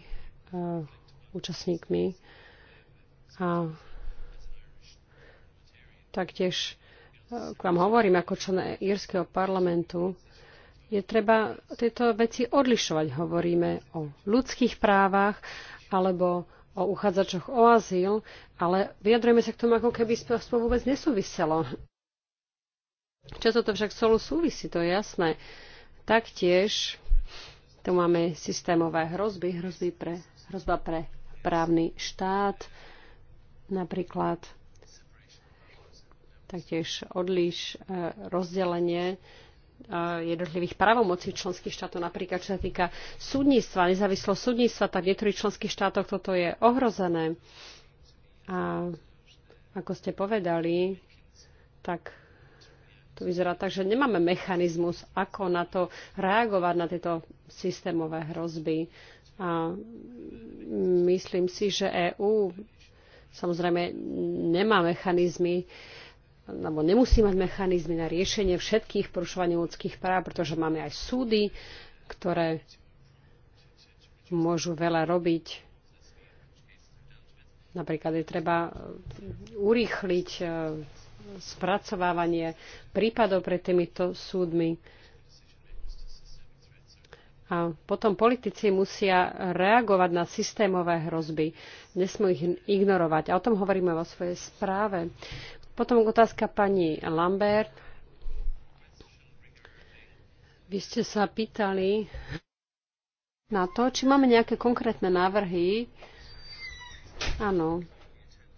účastníkmi a taktiež e, k vám hovorím ako člen írskeho parlamentu, je treba tieto veci odlišovať. Hovoríme o ľudských právach alebo o uchádzačoch o azyl, ale vyjadrujeme sa k tomu, ako keby spolu vôbec nesúviselo. Často to však spolu súvisí, to je jasné. Taktiež tu máme systémové hrozby, hrozby pre, hrozba pre právny štát, napríklad taktiež odlíš e, rozdelenie e, jednotlivých právomocí členských štátov, napríklad čo sa týka súdnictva, nezávislo súdnictva, tak v niektorých členských štátoch toto je ohrozené. A ako ste povedali, tak to vyzerá tak, že nemáme mechanizmus, ako na to reagovať, na tieto systémové hrozby. A myslím si, že EÚ samozrejme nemá mechanizmy, alebo nemusí mať mechanizmy na riešenie všetkých porušovaní ľudských práv, pretože máme aj súdy, ktoré môžu veľa robiť. Napríklad je treba e, urýchliť e, spracovávanie prípadov pred týmito súdmi. A potom politici musia reagovať na systémové hrozby. Nesmú ich ignorovať. A o tom hovoríme vo svojej správe. Potom otázka pani Lambert. Vy ste sa pýtali na to, či máme nejaké konkrétne návrhy. Áno,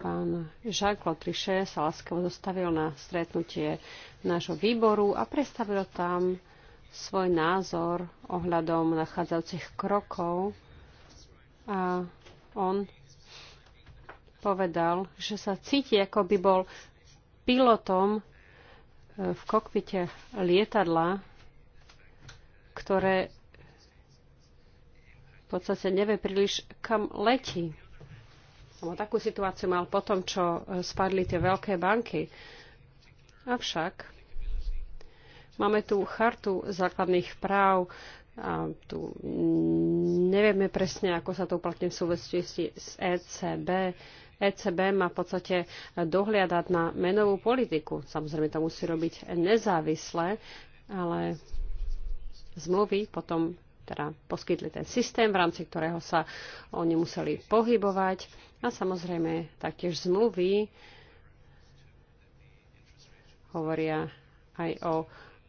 pán Jacques Triše sa láskavo dostavil na stretnutie nášho výboru a predstavil tam svoj názor ohľadom nachádzajúcich krokov a on povedal, že sa cíti, ako by bol pilotom e, v kokpite lietadla, ktoré v podstate nevie príliš, kam letí. Lebo takú situáciu mal potom, čo e, spadli tie veľké banky. Avšak Máme tu chartu základných práv, a tu nevieme presne, ako sa to uplatní v súvislosti s ECB. ECB má v podstate dohliadať na menovú politiku. Samozrejme, to musí robiť nezávisle, ale zmluvy potom teda poskytli ten systém, v rámci ktorého sa oni museli pohybovať. A samozrejme, taktiež zmluvy hovoria aj o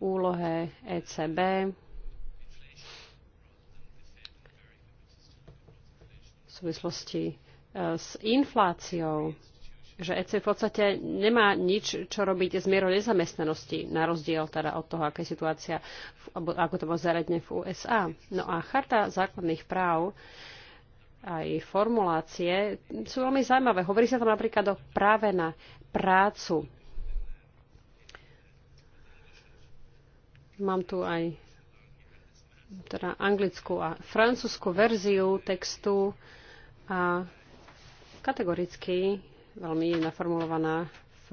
úlohe ECB v súvislosti e, s infláciou, že EC v podstate nemá nič, čo robiť s mierou nezamestnanosti, na rozdiel teda od toho, aká je situácia, v, ako to bolo zaredne v USA. No a Charta základných práv aj formulácie sú veľmi zaujímavé. Hovorí sa tam napríklad o práve na prácu. Mám tu aj teda anglickú a francúzsku verziu textu a kategoricky veľmi naformulovaná v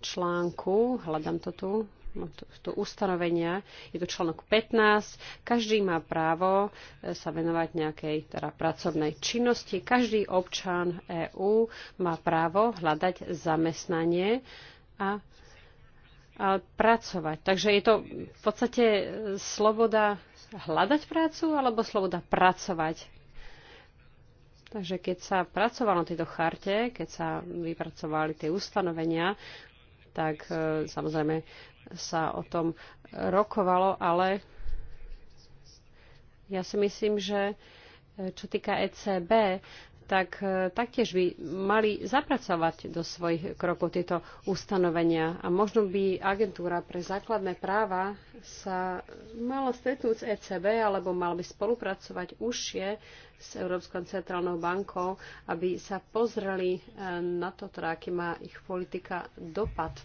článku, hľadám to tu, mám tu, tu ustanovenia, je tu článok 15, každý má právo e, sa venovať nejakej teda pracovnej činnosti, každý občan EÚ má právo hľadať zamestnanie a pracovať. Takže je to v podstate e, sloboda hľadať prácu alebo sloboda pracovať. Takže keď sa pracovalo na tejto charte, keď sa vypracovali tie ustanovenia, tak e, samozrejme sa o tom rokovalo, ale ja si myslím, že e, čo týka ECB, tak e, taktiež by mali zapracovať do svojich krokov tieto ustanovenia. A možno by agentúra pre základné práva sa mala stretnúť s ECB alebo mal by spolupracovať užšie s Európskou centrálnou bankou, aby sa pozreli e, na to, teda, aký má ich politika dopad.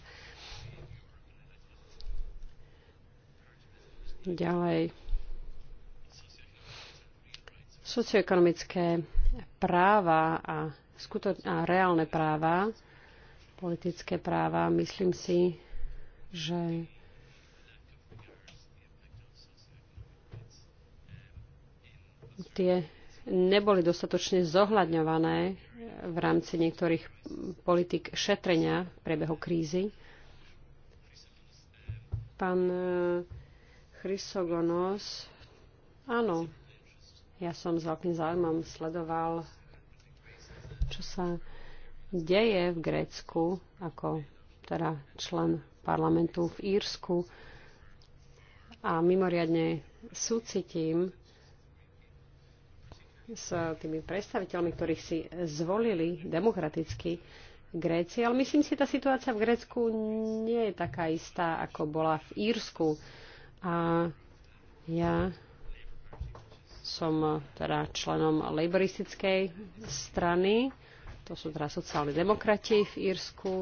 Ďalej socioekonomické práva a, skuto- a reálne práva, politické práva, myslím si, že tie neboli dostatočne zohľadňované v rámci niektorých politik šetrenia v priebehu krízy. Pán eh, Chrysogonos, áno, ja som s veľkým záujmom sledoval, čo sa deje v Grécku, ako teda člen parlamentu v Írsku. A mimoriadne súcitím s tými predstaviteľmi, ktorých si zvolili demokraticky Gréci. Ale myslím si, tá situácia v Grécku nie je taká istá, ako bola v Írsku. A ja som eh, teda členom laboristickej strany, to sú teda sociálni demokrati v Írsku.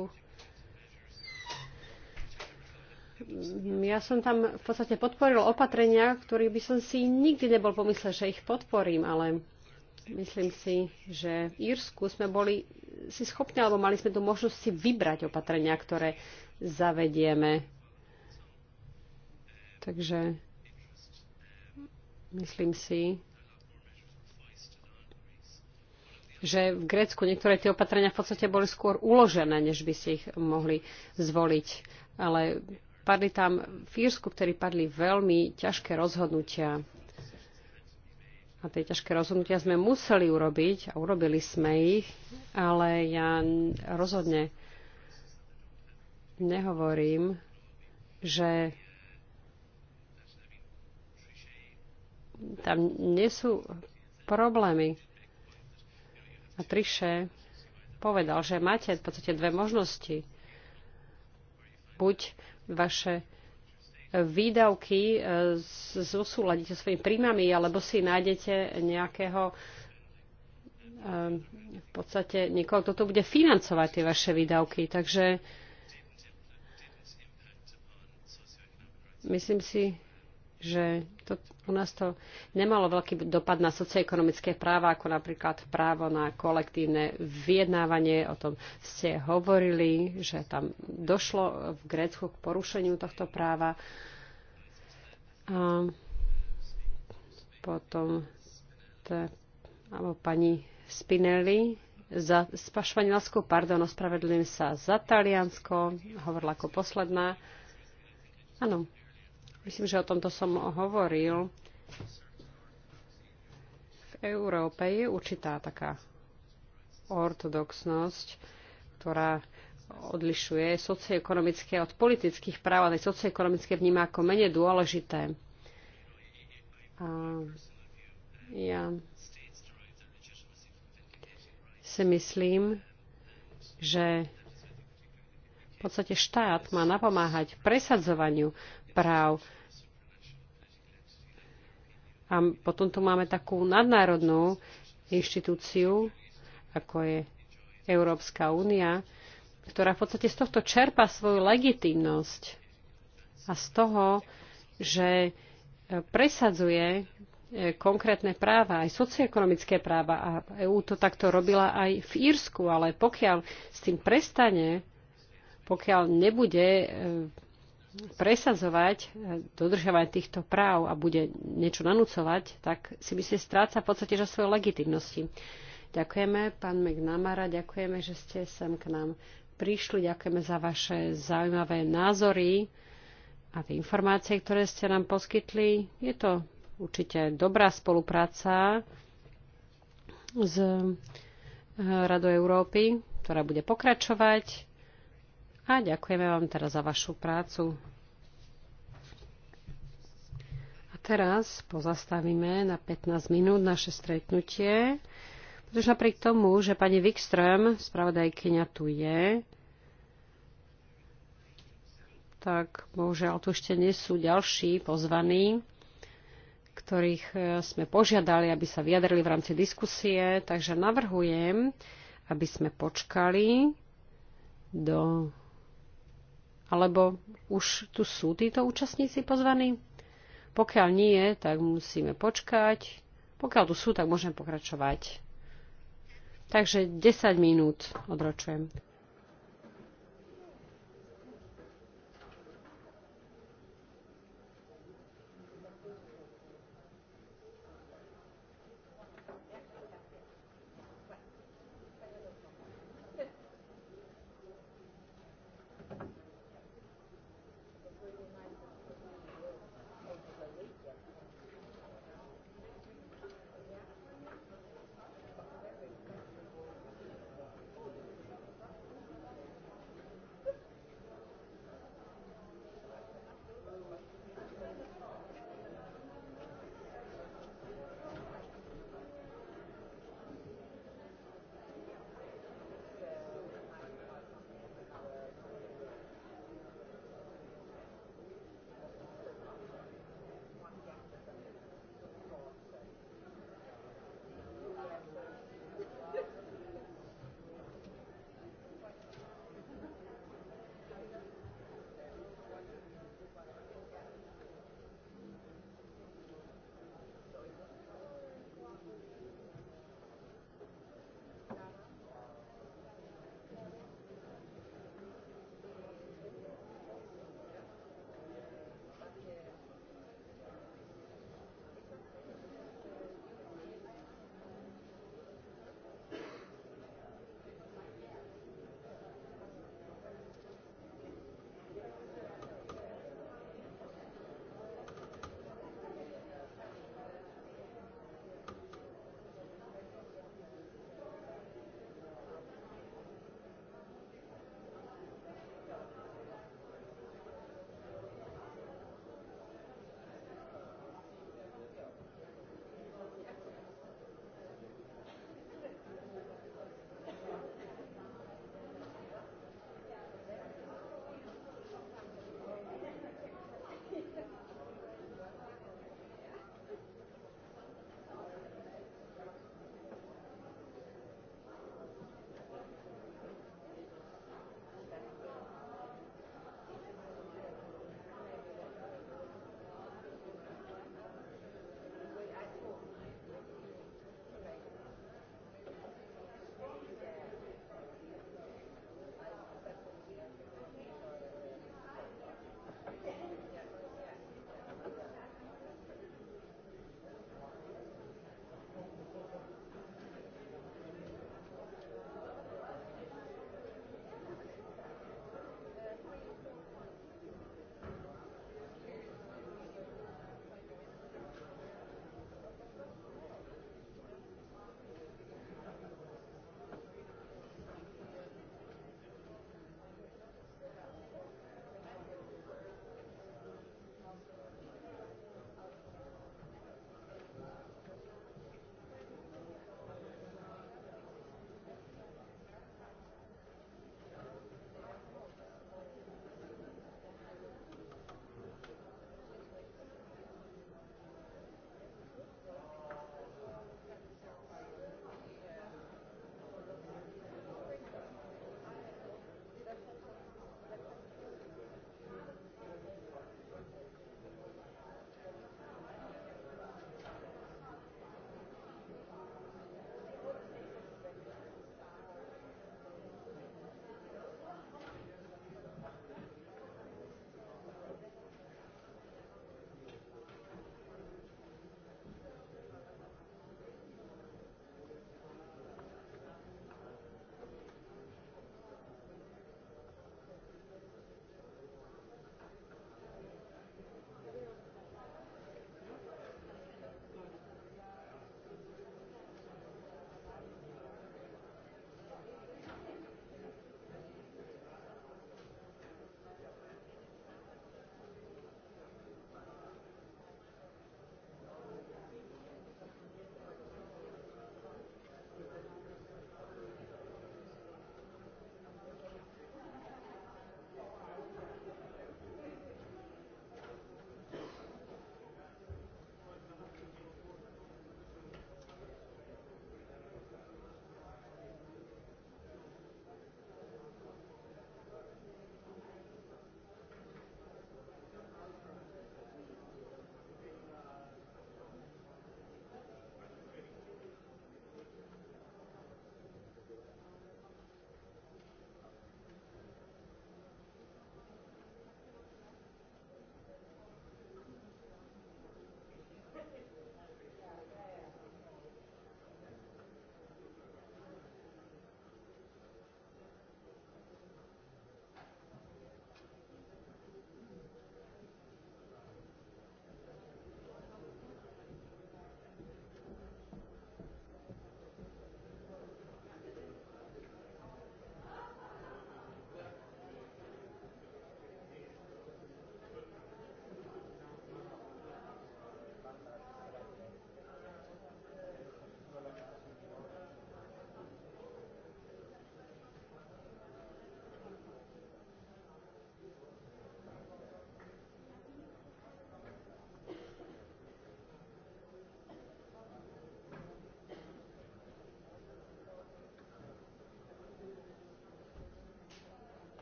Ja som tam v podstate podporil opatrenia, ktorých by som si nikdy nebol pomyslel, že ich podporím, ale myslím si, že v Írsku sme boli si schopní, alebo mali sme tu možnosť si vybrať opatrenia, ktoré zavedieme. Takže Myslím si, že v Grécku niektoré tie opatrenia v podstate boli skôr uložené, než by si ich mohli zvoliť. Ale padli tam v Írsku, ktorí padli veľmi ťažké rozhodnutia. A tie ťažké rozhodnutia sme museli urobiť a urobili sme ich, ale ja rozhodne nehovorím, že tam nie sú problémy. A Triše povedal, že máte v podstate dve možnosti. Buď vaše výdavky e, zosúladíte svojimi príjmami, alebo si nájdete nejakého e, v podstate niekoho, kto to bude financovať tie vaše výdavky. Takže myslím si, Takže to, u nás to nemalo veľký dopad na socioekonomické práva, ako napríklad právo na kolektívne vyjednávanie. O tom ste hovorili, že tam došlo v Grécku k porušeniu tohto práva. A potom te, alebo pani Spinelli za španielsku, pardon, ospravedlím sa za Taliansko, hovorila ako posledná. Áno, Myslím, že o tomto som hovoril. V Európe je určitá taká ortodoxnosť, ktorá odlišuje socioekonomické od politických práv, ale socioekonomické vníma ako menej dôležité. A ja si myslím, že v podstate štát má napomáhať presadzovaniu práv a potom tu máme takú nadnárodnú inštitúciu, ako je Európska únia, ktorá v podstate z tohto čerpa svoju legitimnosť a z toho, že e, presadzuje e, konkrétne práva, aj socioekonomické práva. A EÚ to takto robila aj v Írsku, ale pokiaľ s tým prestane, pokiaľ nebude e, presadzovať e, dodržiavanie týchto práv a bude niečo nanúcovať, tak si myslím, stráca v podstate že svoje legitimnosti. Ďakujeme, pán McNamara, ďakujeme, že ste sem k nám prišli, ďakujeme za vaše zaujímavé názory a tie informácie, ktoré ste nám poskytli. Je to určite dobrá spolupráca s e, Radou Európy, ktorá bude pokračovať a ďakujeme vám teraz za vašu prácu. A teraz pozastavíme na 15 minút naše stretnutie, pretože napriek tomu, že pani Wikström, spravodajkyňa, tu je, tak bohužiaľ tu ešte nie sú ďalší pozvaní, ktorých e, sme požiadali, aby sa vyjadrili v rámci diskusie. Takže navrhujem, aby sme počkali do alebo už tu sú títo účastníci pozvaní? Pokiaľ nie, tak musíme počkať. Pokiaľ tu sú, tak môžem pokračovať. Takže 10 minút odročujem.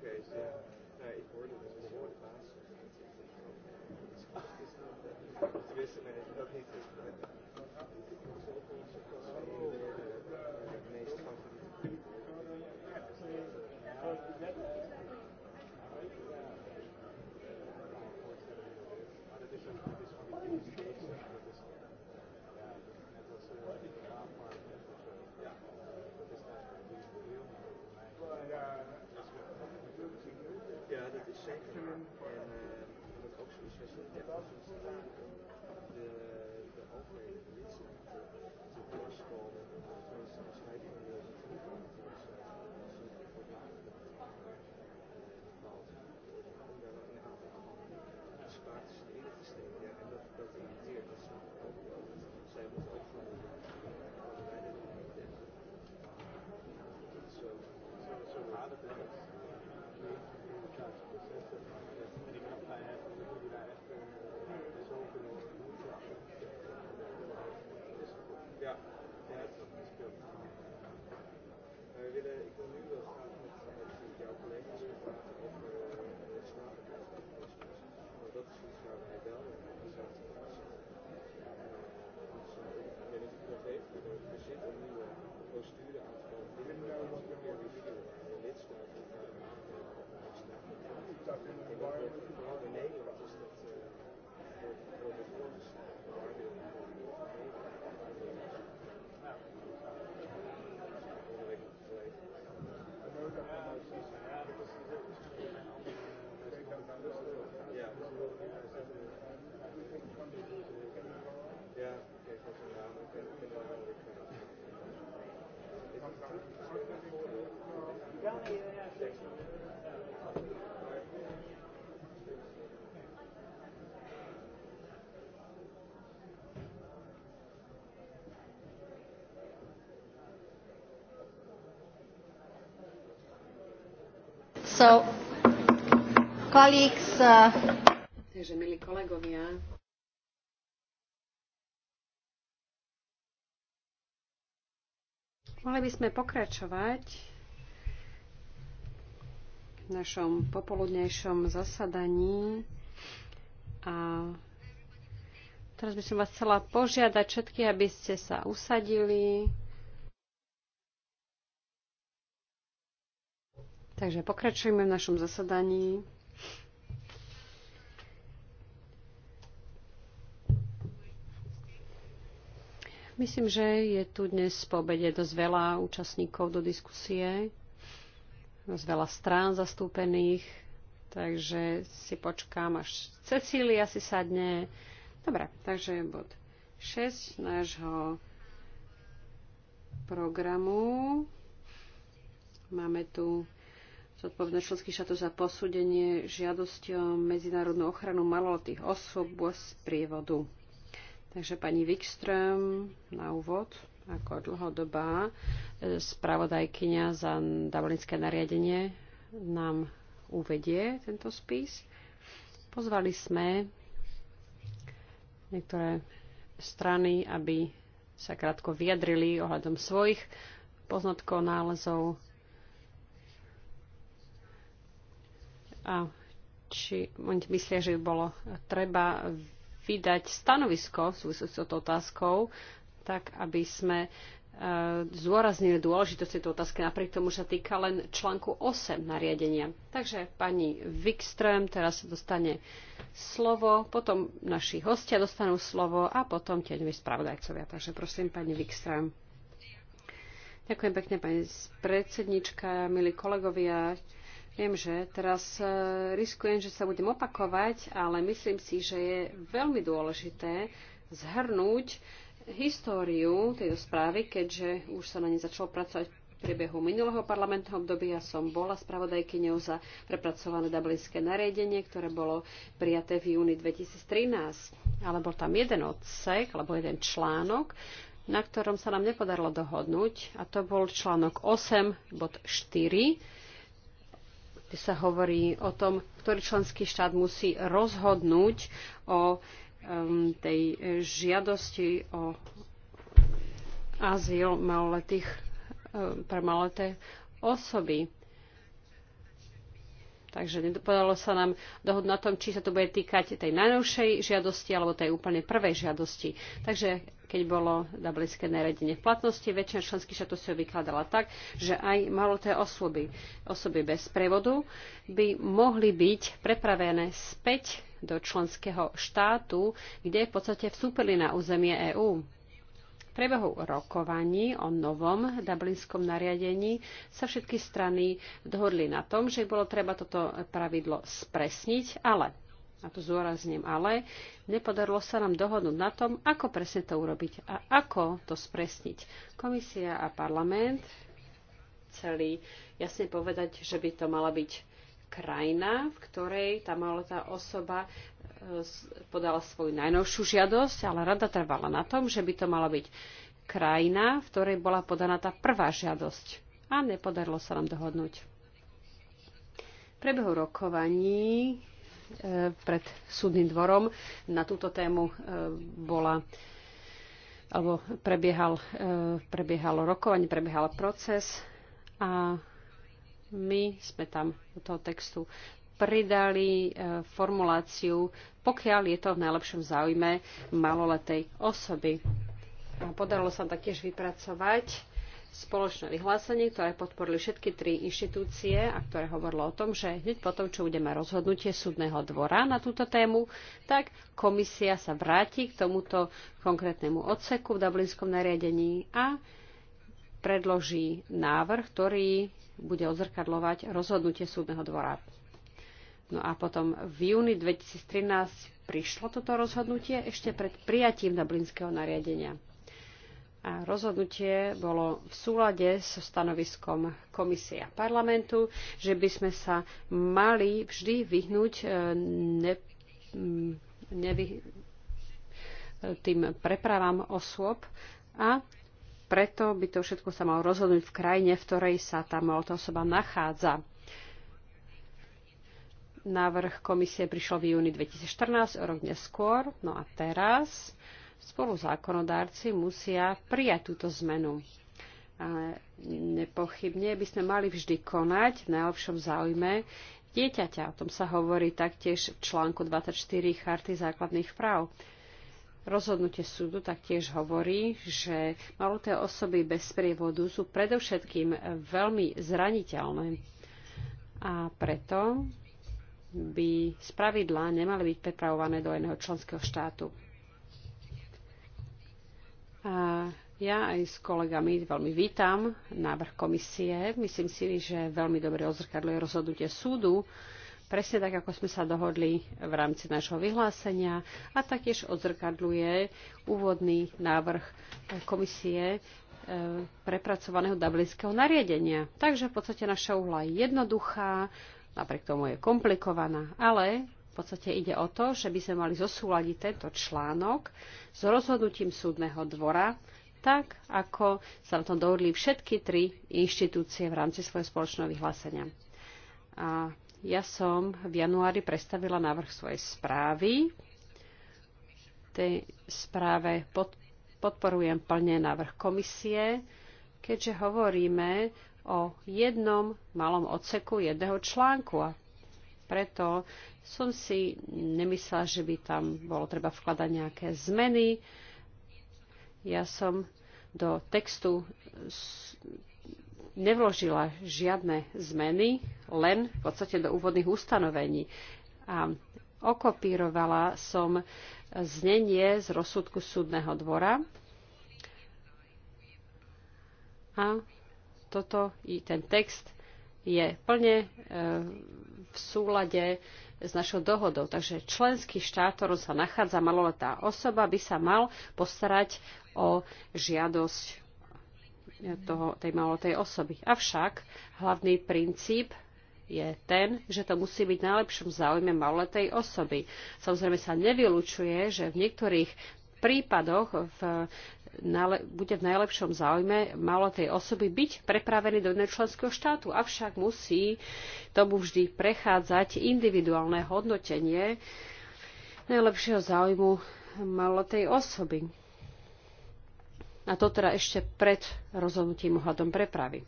okay, so uh, ik hoorde dus een hoorde baas. Tenminste, dat niet. So, colleagues, uh... Takže, milí kolegovia, Mohli by sme pokračovať v našom popoludnejšom zasadaní a teraz by som vás chcela požiadať všetky, aby ste sa usadili, Takže pokračujeme v našom zasadaní. Myslím, že je tu dnes po obede dosť veľa účastníkov do diskusie, dosť veľa strán zastúpených, takže si počkám, až Cecília si sadne. Dobre, takže bod 6 nášho programu. Máme tu zodpovedné členských štátov za posúdenie žiadosti o medzinárodnú ochranu maloletých osôb bez prievodu. Takže pani Wikström na úvod ako dlhodobá e, spravodajkyňa za davolinské nariadenie nám uvedie tento spis. Pozvali sme niektoré strany, aby sa krátko vyjadrili ohľadom svojich poznatkov, nálezov A či oni myslia, že by bolo treba vydať stanovisko v súvislosti s touto otázkou, tak aby sme e, zdôraznili dôležitosť tejto otázky, napriek tomu, že sa týka len článku 8 nariadenia. Takže pani Wikström teraz dostane slovo, potom naši hostia dostanú slovo a potom tieňoví spravodajcovia. Takže prosím, pani Wikström. Ďakujem pekne, pani predsednička, milí kolegovia. Viem, že teraz e, riskujem, že sa budem opakovať, ale myslím si, že je veľmi dôležité zhrnúť históriu tejto správy, keďže už sa na ne začalo pracovať v priebehu minulého parlamentného obdobia. Som bola spravodajkyňou za prepracované dublinské nariadenie, ktoré bolo prijaté v júni 2013. Ale bol tam jeden odsek, alebo jeden článok, na ktorom sa nám nepodarilo dohodnúť, a to bol článok 8.4, kde sa hovorí o tom, ktorý členský štát musí rozhodnúť o um, tej žiadosti o azyl maloletých, um, pre maloleté osoby. Takže nedopadalo sa nám dohod na tom, či sa to bude týkať tej najnovšej žiadosti alebo tej úplne prvej žiadosti. Takže keď bolo dublinské nariadenie v platnosti. Väčšina členských štátov si ho vykladala tak, že aj maloté osoby, osoby bez prevodu by mohli byť prepravené späť do členského štátu, kde v podstate vstúpili na územie EÚ. V priebehu rokovaní o novom dublinskom nariadení sa všetky strany dohodli na tom, že bolo treba toto pravidlo spresniť, ale a to zúrazním, ale nepodarilo sa nám dohodnúť na tom, ako presne to urobiť a ako to spresniť. Komisia a parlament chceli jasne povedať, že by to mala byť krajina, v ktorej tá malotá osoba e, podala svoju najnovšiu žiadosť, ale rada trvala na tom, že by to mala byť krajina, v ktorej bola podaná tá prvá žiadosť. A nepodarilo sa nám dohodnúť. V rokovaní E, pred súdnym dvorom na túto tému e, bola alebo prebiehal, e, prebiehalo rokovanie, prebiehal proces a my sme tam do toho textu pridali formuláciu, pokiaľ je to v najlepšom záujme maloletej osoby. A podarilo sa taktiež vypracovať spoločné vyhlásenie, ktoré podporili všetky tri inštitúcie a ktoré hovorilo o tom, že hneď po tom, čo budeme rozhodnutie súdneho dvora na túto tému, tak komisia sa vráti k tomuto konkrétnemu odseku v Dublinskom nariadení a predloží návrh, ktorý bude odzrkadlovať rozhodnutie súdneho dvora. No a potom v júni 2013 prišlo toto rozhodnutie ešte pred prijatím Dublinského nariadenia a rozhodnutie bolo v súlade so stanoviskom komisie a parlamentu, že by sme sa mali vždy vyhnúť e, ne, nevy, tým prepravám osôb a preto by to všetko sa malo rozhodnúť v krajine, v ktorej sa tá malota osoba nachádza. Návrh komisie prišiel v júni 2014, o rok neskôr, no a teraz spolu zákonodárci musia prijať túto zmenu. Ale nepochybne by sme mali vždy konať v najlepšom záujme dieťaťa. O tom sa hovorí taktiež v článku 24 Charty základných práv. Rozhodnutie súdu taktiež hovorí, že maluté osoby bez prievodu sú predovšetkým veľmi zraniteľné. A preto by spravidla nemali byť prepravované do jedného členského štátu. A ja aj s kolegami veľmi vítam návrh komisie. Myslím si, že veľmi dobre odzrkadľuje rozhodnutie súdu, presne tak, ako sme sa dohodli v rámci nášho vyhlásenia a taktiež odzrkadľuje úvodný návrh komisie e, prepracovaného dublinského nariadenia. Takže v podstate naša úhla je jednoduchá, napriek tomu je komplikovaná, ale podstate ide o to, že by sme mali zosúľadiť tento článok s rozhodnutím súdneho dvora, tak ako sa na tom dohodli všetky tri inštitúcie v rámci svojho spoločného vyhlásenia. A ja som v januári predstavila návrh svojej správy. V tej správe pod, podporujem plne návrh komisie, keďže hovoríme o jednom malom odseku jedného článku. A preto som si nemyslela, že by tam bolo treba vkladať nejaké zmeny. Ja som do textu nevložila žiadne zmeny, len v podstate do úvodných ustanovení. A okopírovala som znenie z rozsudku súdneho dvora. A toto, i ten text je plne e, v súlade s našou dohodou. Takže členský štát, ktorom sa nachádza maloletá osoba, by sa mal postarať o žiadosť toho, tej maloletej osoby. Avšak hlavný princíp je ten, že to musí byť najlepšom záujme maloletej osoby. Samozrejme sa nevylučuje, že v niektorých prípadoch v, nale, bude v najlepšom záujme malo tej osoby byť prepravený do členského štátu. Avšak musí tomu vždy prechádzať individuálne hodnotenie najlepšieho záujmu malotej osoby. A to teda ešte pred rozhodnutím ohľadom prepravy.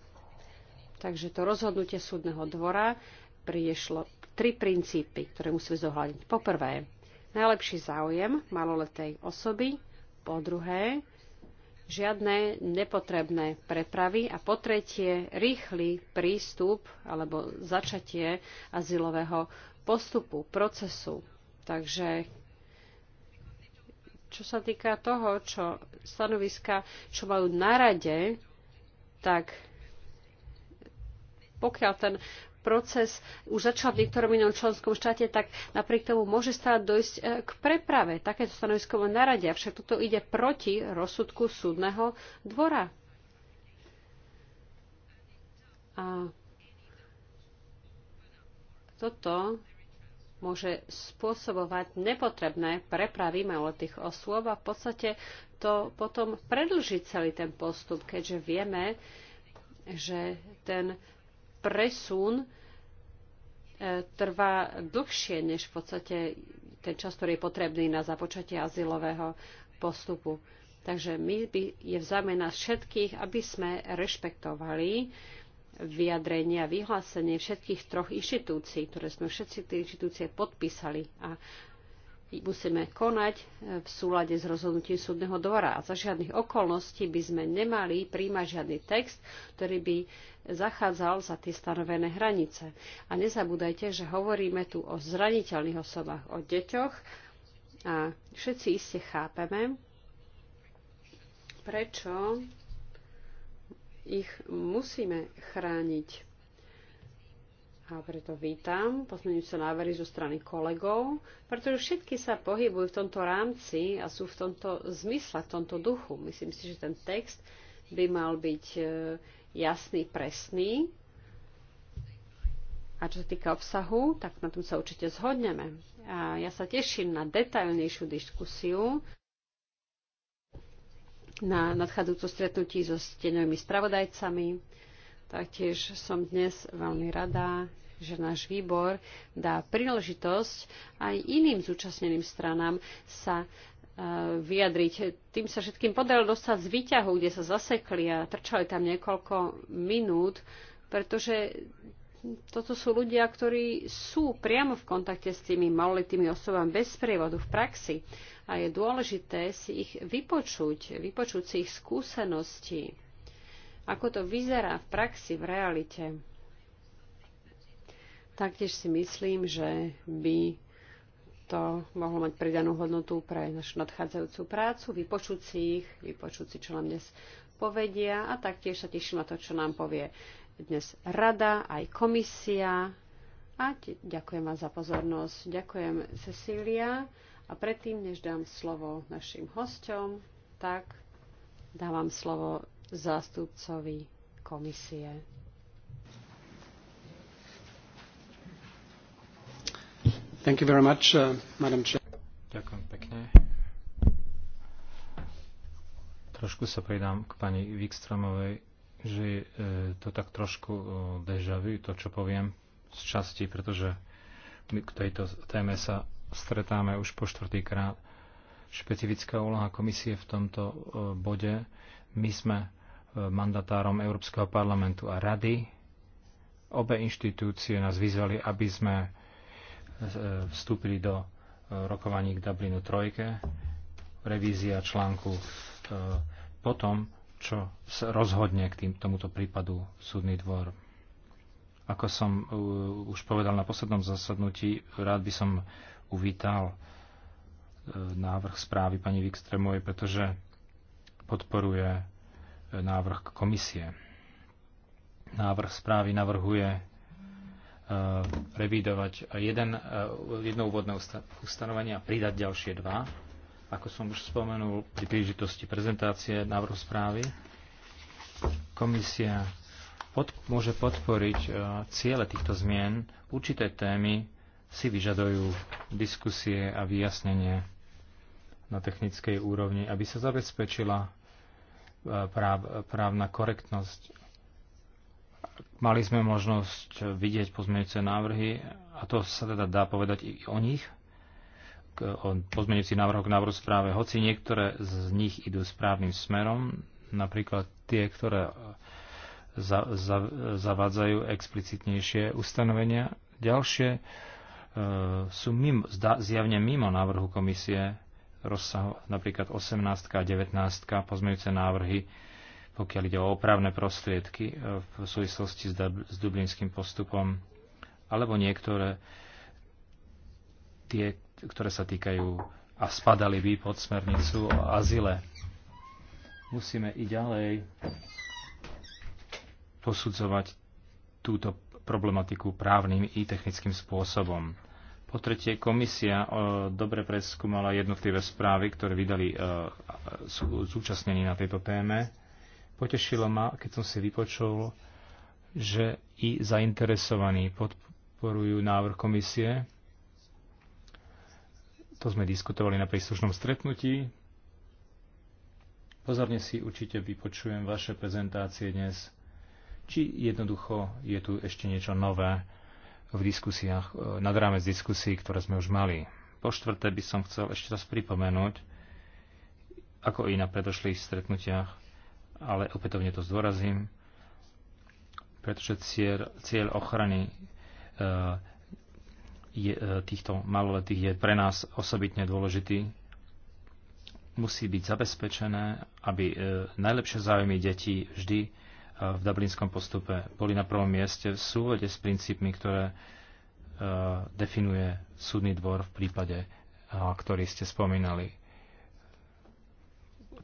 Takže to rozhodnutie súdneho dvora priešlo tri princípy, ktoré musíme zohľadniť. Poprvé, najlepší záujem maloletej osoby, po druhé, žiadne nepotrebné prepravy a po tretie, rýchly prístup alebo začatie azylového postupu, procesu. Takže čo sa týka toho, čo stanoviska, čo majú na rade, tak pokiaľ ten proces už začal v niektorom inom členskom štáte, tak napriek tomu môže stále dojsť e, k preprave. Takéto stanovisko na rade, avšak toto ide proti rozsudku súdneho dvora. A toto môže spôsobovať nepotrebné prepravy tých osôb a v podstate to potom predlží celý ten postup, keďže vieme, že ten presun e, trvá dlhšie, než v podstate ten čas, ktorý je potrebný na započatie azylového postupu. Takže my by, je v záme nás všetkých, aby sme rešpektovali vyjadrenie a vyhlásenie všetkých troch inštitúcií, ktoré sme všetci tie inštitúcie podpísali. A musíme konať e, v súlade s rozhodnutím súdneho dvora. A za žiadnych okolností by sme nemali príjmať žiadny text, ktorý by zachádzal za tie stanovené hranice. A nezabúdajte, že hovoríme tu o zraniteľných osobách, o deťoch a všetci iste chápeme, prečo ich musíme chrániť a preto vítam pozmeňujúce návrhy zo strany kolegov, pretože všetky sa pohybujú v tomto rámci a sú v tomto zmysle, v tomto duchu. Myslím si, že ten text by mal byť e, jasný, presný. A čo sa týka obsahu, tak na tom sa určite zhodneme. A ja sa teším na detailnejšiu diskusiu na nadchádzajúcu stretnutí so stenovými spravodajcami Taktiež som dnes veľmi rada, že náš výbor dá príležitosť aj iným zúčastneným stranám sa e, vyjadriť. Tým sa všetkým podarilo dostať z výťahu, kde sa zasekli a trčali tam niekoľko minút, pretože toto sú ľudia, ktorí sú priamo v kontakte s tými malolitými osobami bez prievodu v praxi a je dôležité si ich vypočuť, vypočuť si ich skúsenosti. Ako to vyzerá v praxi, v realite? Taktiež si myslím, že by to mohlo mať pridanú hodnotu pre našu nadchádzajúcu prácu, vypočuť si ich, vypočuť si, čo nám dnes povedia a taktiež sa teším na to, čo nám povie dnes rada, aj komisia. A ďakujem vám za pozornosť. Ďakujem, Cecília. A predtým, než dám slovo našim hosťom, tak dávam slovo zástupcovi komisie. Thank you very much, uh, Madam Chair. Ďakujem pekne. Trošku sa pridám k pani Wikstromovej, že je to tak trošku e, deja vu, to čo poviem z časti, pretože my k tejto téme sa stretáme už po štvrtýkrát. Špecifická úloha komisie v tomto e, bode. My sme mandatárom Európskeho parlamentu a rady. Obe inštitúcie nás vyzvali, aby sme e, vstúpili do e, rokovaní k Dublinu 3, revízia článku e, potom, čo sa rozhodne k tým, tomuto prípadu súdny dvor. Ako som už povedal na poslednom zasadnutí, rád by som uvítal návrh správy pani Vikstremovej, pretože podporuje návrh komisie. Návrh správy navrhuje e, revidovať jeden, e, jedno úvodné ustanovenie a pridať ďalšie dva. Ako som už spomenul pri príležitosti prezentácie návrhu správy, komisia pod, môže podporiť e, ciele týchto zmien. Určité témy si vyžadujú diskusie a vyjasnenie na technickej úrovni, aby sa zabezpečila práv, právna korektnosť. Mali sme možnosť vidieť pozmeňujúce návrhy a to sa teda dá povedať i o nich, o pozmeňujúcich návrhoch k návrhu správe, hoci niektoré z nich idú správnym smerom, napríklad tie, ktoré za, za, zavádzajú explicitnejšie ustanovenia. Ďalšie e, sú mimo, zda, zjavne mimo návrhu komisie rozsahu, napríklad 18 a 19 pozmeňujúce návrhy, pokiaľ ide o opravné prostriedky e, v súvislosti s, s dublinským postupom, alebo niektoré tie, ktoré sa týkajú a spadali by pod smernicu o azile. Musíme i ďalej posudzovať túto problematiku právnym i technickým spôsobom. Po tretie, komisia e, dobre preskúmala jednotlivé správy, ktoré vydali e, zúčastnení na tejto téme. Potešilo ma, keď som si vypočul, že i zainteresovaní podporujú návrh komisie. To sme diskutovali na príslušnom stretnutí. Pozorne si určite vypočujem vaše prezentácie dnes. Či jednoducho je tu ešte niečo nové, v diskusiách, e, nad rámec diskusí, ktoré sme už mali. Po štvrté by som chcel ešte raz pripomenúť, ako i na predošlých stretnutiach, ale opätovne to zdôrazím, pretože cieľ, cieľ ochrany e, je, e, týchto maloletých je pre nás osobitne dôležitý. Musí byť zabezpečené, aby e, najlepšie záujmy detí vždy v dublinskom postupe boli na prvom mieste v súvode s princípmi, ktoré e, definuje súdny dvor v prípade, e, ktorý ste spomínali.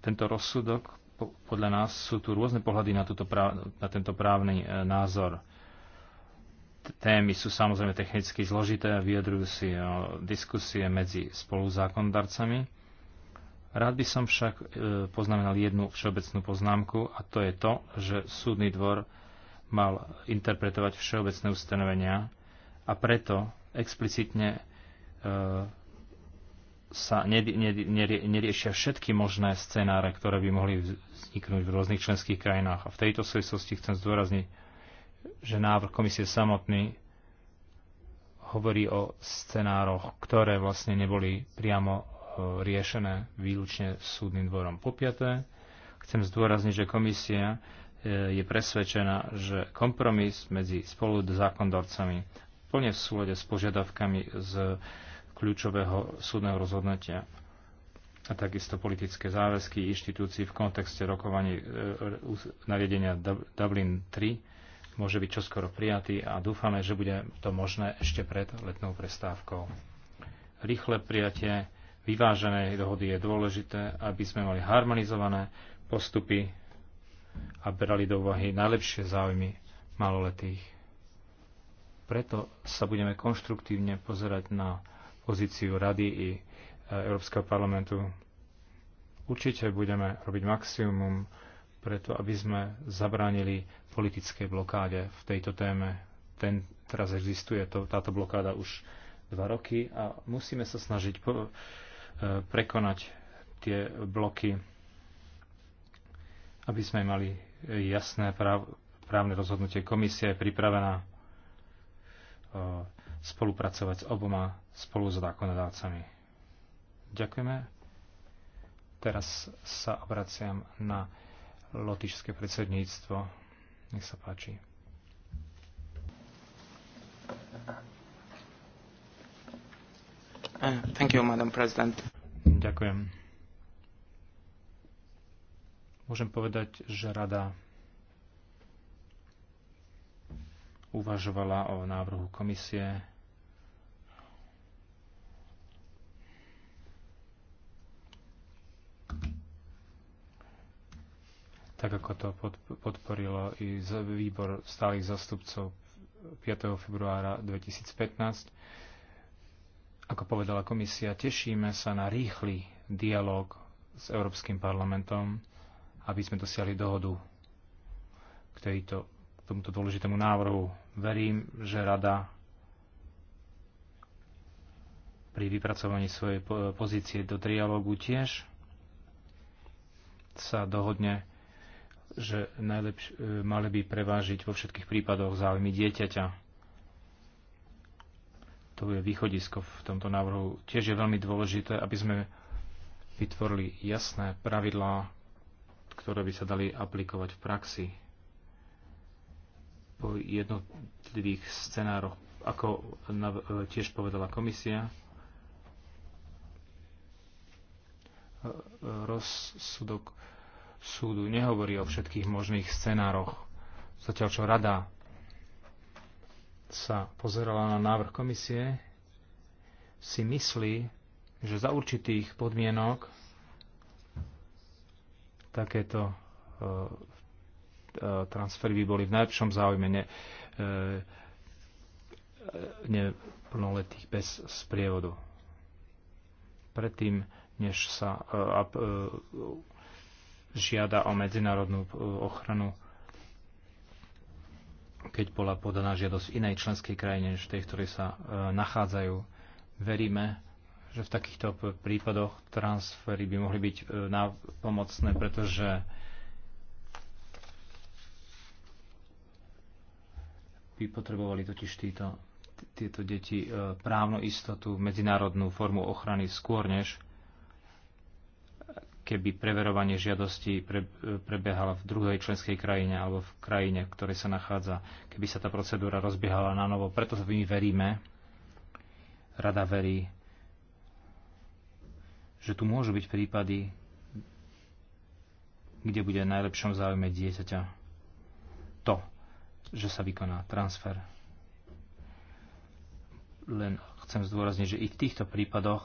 Tento rozsudok, podľa nás sú tu rôzne pohľady na, túto práv, na tento právny e, názor. Témy sú samozrejme technicky zložité a vyjadrujú si diskusie medzi spoluzákondarcami Rád by som však e, poznamenal jednu všeobecnú poznámku a to je to, že súdny dvor mal interpretovať všeobecné ustanovenia a preto explicitne e, sa neriešia všetky možné scenáre, ktoré by mohli vzniknúť v rôznych členských krajinách. A v tejto súvislosti chcem zdôrazniť, že návrh komisie samotný hovorí o scenároch, ktoré vlastne neboli priamo E, riešené výlučne súdnym dvorom. Po piaté, chcem zdôrazniť, že komisia e, je presvedčená, že kompromis medzi spolu zákondorcami plne v súlade s požiadavkami z kľúčového súdneho rozhodnutia a takisto politické záväzky inštitúcií v kontexte rokovaní e, nariadenia Dublin 3 môže byť čoskoro prijatý a dúfame, že bude to možné ešte pred letnou prestávkou. Rýchle prijatie vyvážené dohody je dôležité, aby sme mali harmonizované postupy a brali do úvahy najlepšie záujmy maloletých. Preto sa budeme konštruktívne pozerať na pozíciu Rady i e, Európskeho parlamentu. Určite budeme robiť maximum preto, aby sme zabránili politickej blokáde v tejto téme. Ten teraz existuje, to, táto blokáda už dva roky a musíme sa snažiť po, prekonať tie bloky, aby sme mali jasné práv, právne rozhodnutie. Komisia je pripravená spolupracovať s oboma spolu s zákonodávcami. Ďakujeme. Teraz sa obraciam na lotišské predsedníctvo. Nech sa páči. Uh, thank you, Madam President. Ďakujem. Môžem povedať, že rada uvažovala o návrhu komisie tak ako to podporilo i výbor stálych zastupcov 5. februára 2015 ako povedala komisia, tešíme sa na rýchly dialog s Európskym parlamentom, aby sme dosiahli dohodu k, tejto, k tomuto dôležitému návrhu. Verím, že Rada pri vypracovaní svojej pozície do trialógu tiež sa dohodne, že najlepš- e, mali by prevážiť vo všetkých prípadoch záujmy dieťaťa to je východisko v tomto návrhu, tiež je veľmi dôležité, aby sme vytvorili jasné pravidlá, ktoré by sa dali aplikovať v praxi po jednotlivých scenároch, ako tiež povedala komisia. Rozsudok súdu nehovorí o všetkých možných scenároch, zatiaľ čo rada sa pozerala na návrh komisie, si myslí, že za určitých podmienok takéto e, e, transfery by boli v najlepšom záujme ne, e, neplnoletých bez sprievodu. Predtým, než sa žiada o medzinárodnú ochranu keď bola podaná žiadosť inej členskej krajine, než tej, ktorej sa e, nachádzajú. Veríme, že v takýchto prípadoch transfery by mohli byť e, pomocné, pretože by potrebovali totiž títo, tieto deti e, právnu istotu, medzinárodnú formu ochrany skôr, než keby preverovanie žiadosti pre, prebiehalo v druhej členskej krajine alebo v krajine, v ktorej sa nachádza, keby sa tá procedúra rozbiehala na novo. Preto my veríme, rada verí, že tu môžu byť prípady, kde bude v najlepšom záujme dieťaťa to, že sa vykoná transfer. Len chcem zdôrazniť, že i v týchto prípadoch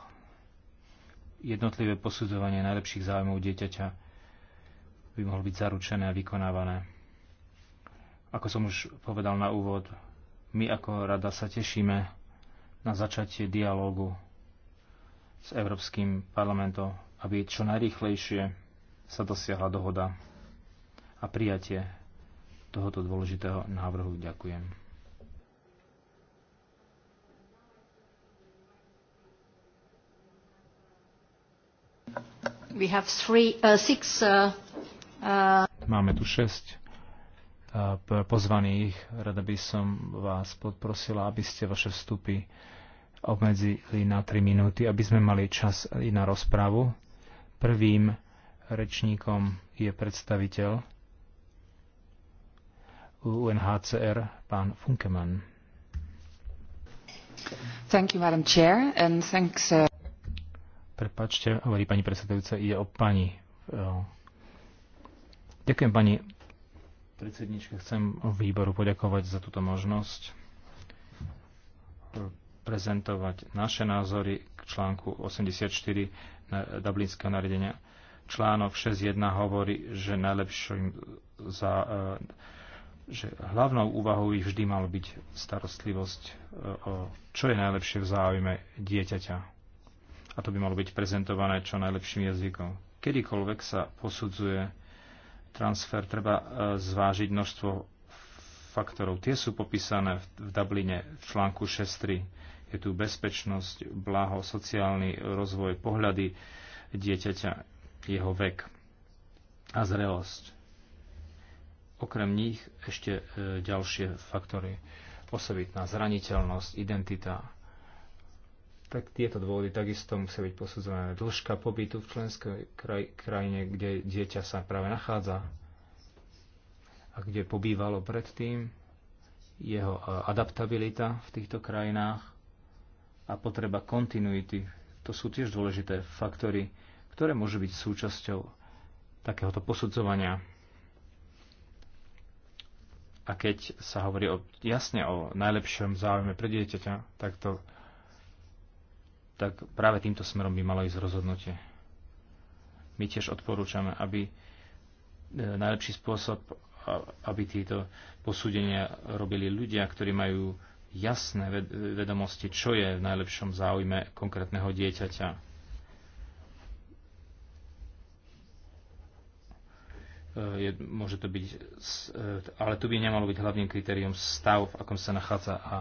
jednotlivé posudzovanie najlepších záujmov dieťaťa by mohlo byť zaručené a vykonávané. Ako som už povedal na úvod, my ako rada sa tešíme na začatie dialógu s Európskym parlamentom, aby čo najrýchlejšie sa dosiahla dohoda a prijatie tohoto dôležitého návrhu. Ďakujem. We have three, uh, six, uh, uh Máme tu šesť uh, pozvaných. Rada by som vás podprosila, aby ste vaše vstupy obmedzili na 3 minúty, aby sme mali čas i na rozprávu. Prvým rečníkom je predstaviteľ UNHCR, pán Funkeman. Thank you, Madam Chair, and thanks, uh... Prepačte, hovorí pani predsedajúca, ide o pani. Ďakujem pani predsednička, chcem výboru poďakovať za túto možnosť prezentovať naše názory k článku 84 Dublinského nariadenia. Článok 6.1 hovorí, že najlepším za, e, že hlavnou úvahou ich vždy mal byť starostlivosť, e, čo je najlepšie v záujme dieťaťa a to by malo byť prezentované čo najlepším jazykom. Kedykoľvek sa posudzuje transfer, treba e, zvážiť množstvo faktorov. Tie sú popísané v Dubline v článku 6.3. Je tu bezpečnosť, blaho, sociálny rozvoj, pohľady dieťaťa, jeho vek a zrelosť. Okrem nich ešte e, ďalšie faktory. Osobitná zraniteľnosť, identita, tak tieto dôvody takisto musia byť posudzované. Dĺžka pobytu v členskej kraj, krajine, kde dieťa sa práve nachádza a kde pobývalo predtým, jeho adaptabilita v týchto krajinách a potreba kontinuity. To sú tiež dôležité faktory, ktoré môžu byť súčasťou takéhoto posudzovania. A keď sa hovorí o, jasne o najlepšom záujme pre dieťaťa, tak to tak práve týmto smerom by malo ísť rozhodnutie. My tiež odporúčame, aby e, najlepší spôsob, aby títo posúdenia robili ľudia, ktorí majú jasné vedomosti, čo je v najlepšom záujme konkrétneho dieťaťa. E, je, môže to byť, e, ale tu by nemalo byť hlavným kritériom stav, v akom sa nachádza a, a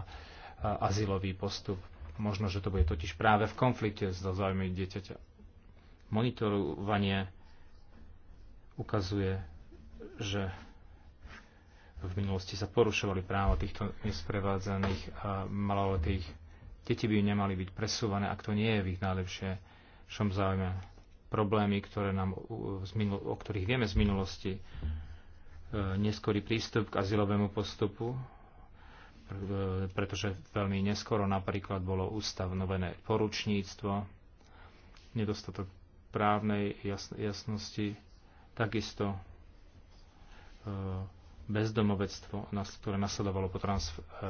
azylový postup. Možno, že to bude totiž práve v konflikte s záujmy dieťaťa. Monitorovanie ukazuje, že v minulosti sa porušovali práva týchto nesprevádzaných a maloletých. Deti by nemali byť presúvané, ak to nie je v ich najlepšom záujme. Problémy, ktoré nám, o ktorých vieme z minulosti, e, neskorý prístup k azylovému postupu, pretože veľmi neskoro napríklad bolo ustavnovené poručníctvo, nedostatok právnej jasnosti, takisto e, bezdomovectvo, ktoré nasledovalo po, transf- e,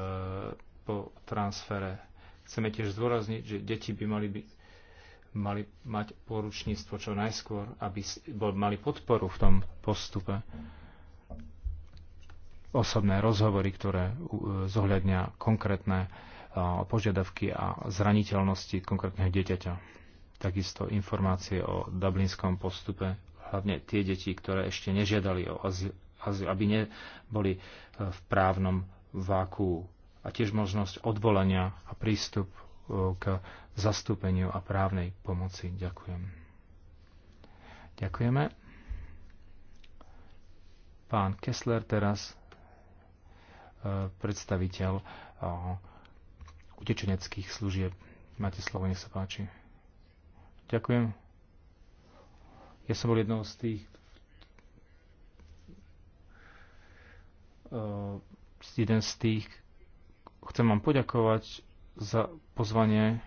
po transfere. Chceme tiež zdôrazniť, že deti by mali, by, mali mať poručníctvo čo najskôr, aby bol, mali podporu v tom postupe osobné rozhovory, ktoré zohľadňa konkrétne požiadavky a zraniteľnosti konkrétneho dieťaťa. Takisto informácie o dublinskom postupe, hlavne tie deti, ktoré ešte nežiadali o azyl, aby neboli e, v právnom váku a tiež možnosť odvolania a prístup e, k zastúpeniu a právnej pomoci. Ďakujem. Ďakujeme. Pán Kessler teraz E, predstaviteľ e, utečeneckých služieb. Máte slovo, nech sa páči. Ďakujem. Ja som bol jednou z tých e, jeden z tých chcem vám poďakovať za pozvanie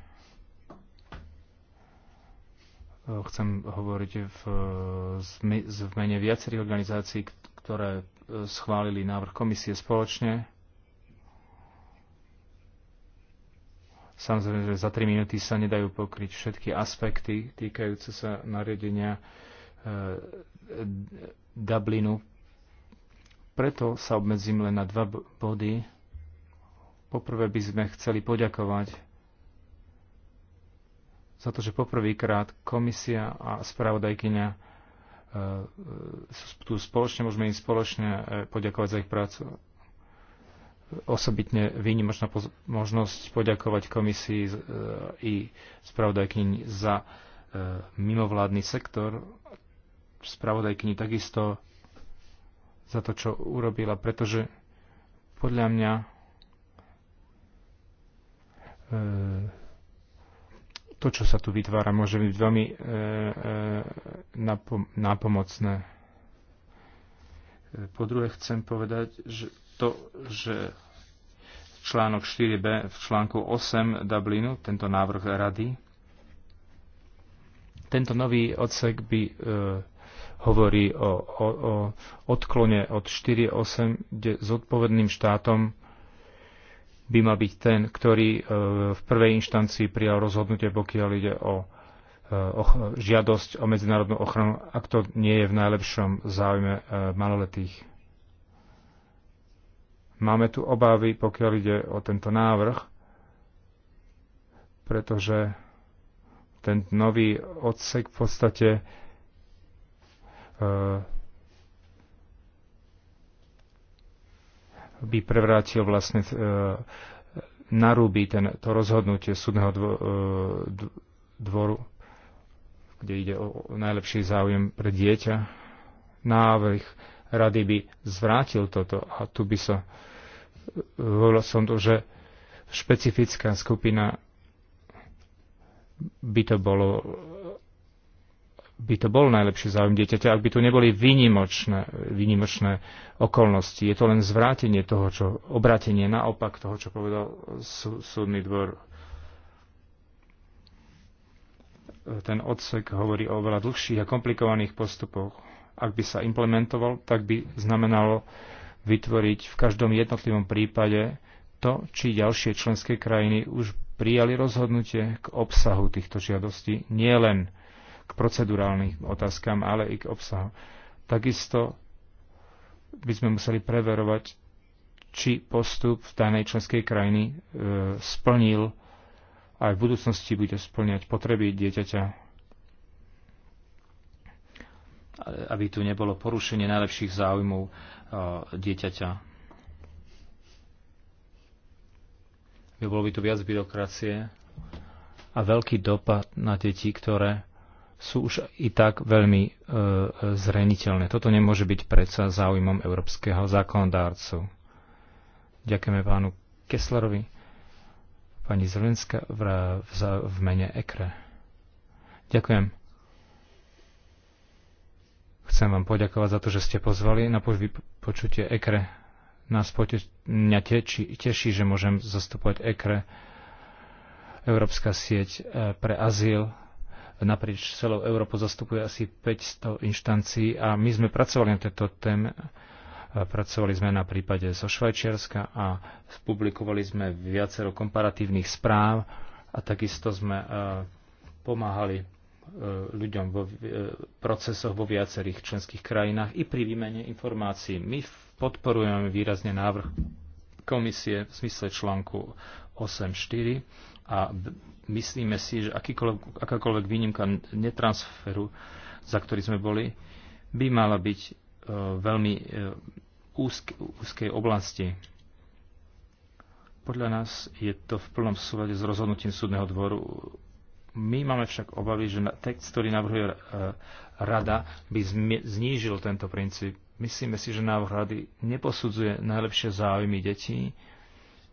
chcem hovoriť v, v mene viacerých organizácií, ktoré schválili návrh komisie spoločne. Samozrejme, že za 3 minúty sa nedajú pokryť všetky aspekty týkajúce sa nariadenia e, Dublinu. Preto sa obmedzím len na dva body. Poprvé by sme chceli poďakovať za to, že poprvýkrát komisia a spravodajkynia E, e, tu spoločne, môžeme im spoločne e, poďakovať za ich prácu. Osobitne výnimočná možnosť poďakovať komisii i spravodajkyni za mimovládny sektor, spravodajkyni takisto za to, čo urobila, pretože podľa mňa to, čo sa tu vytvára, môže byť veľmi e, e, nápomocné. E, po druhé chcem povedať, že to, že článok 4b v článku 8 Dublinu, tento návrh rady, tento nový odsek by e, hovorí o, o, o odklone od 4.8, kde zodpovedným štátom by mal byť ten, ktorý e, v prvej inštancii prijal rozhodnutie, pokiaľ ide o, e, žiadosť o medzinárodnú ochranu, ak to nie je v najlepšom záujme e, maloletých. Máme tu obavy, pokiaľ ide o tento návrh, pretože ten nový odsek v podstate by prevrátil vlastne e, narúbi ten, to rozhodnutie súdneho dvo, e, dvoru, kde ide o najlepší záujem pre dieťa. Návrh rady by zvrátil toto a tu by sa hovoril e, som to, že špecifická skupina by to bolo by to bol najlepší záujem dieťaťa, ak by tu neboli výnimočné, výnimočné okolnosti. Je to len zvrátenie toho, čo, obratenie naopak toho, čo povedal súdny dvor. Ten odsek hovorí o veľa dlhších a komplikovaných postupoch. Ak by sa implementoval, tak by znamenalo vytvoriť v každom jednotlivom prípade to, či ďalšie členské krajiny už prijali rozhodnutie k obsahu týchto žiadostí, nie len k procedurálnym otázkam, ale i k obsahu. Takisto by sme museli preverovať, či postup v danej členskej krajiny e, splnil aj v budúcnosti bude splňať potreby dieťaťa, aby tu nebolo porušenie najlepších záujmov e, dieťaťa. Bolo by tu viac byrokracie a veľký dopad na deti, ktoré sú už i tak veľmi e, zraniteľné. Toto nemôže byť predsa záujmom európskeho zákonodárcu. Ďakujeme pánu Kesslerovi, pani Zelenska v, v, v mene EKRE. Ďakujem. Chcem vám poďakovať za to, že ste pozvali na počutie EKRE. Nás poteš, mňa teči, teší, že môžem zastupovať EKRE, Európska sieť e, pre azyl naprieč celou Európu zastupuje asi 500 inštancií a my sme pracovali na tejto téme. Pracovali sme na prípade zo Švajčiarska a publikovali sme viacero komparatívnych správ a takisto sme pomáhali ľuďom v procesoch vo viacerých členských krajinách i pri výmene informácií. My podporujeme výrazne návrh komisie v smysle článku 8.4 a myslíme si, že akákoľvek výnimka netransferu, za ktorý sme boli, by mala byť e, veľmi e, úzk, úzkej oblasti. Podľa nás je to v plnom súlade s rozhodnutím súdneho dvoru. My máme však obavy, že text, ktorý navrhuje e, rada, by znížil tento princíp. Myslíme si, že návrh rady neposudzuje najlepšie záujmy detí,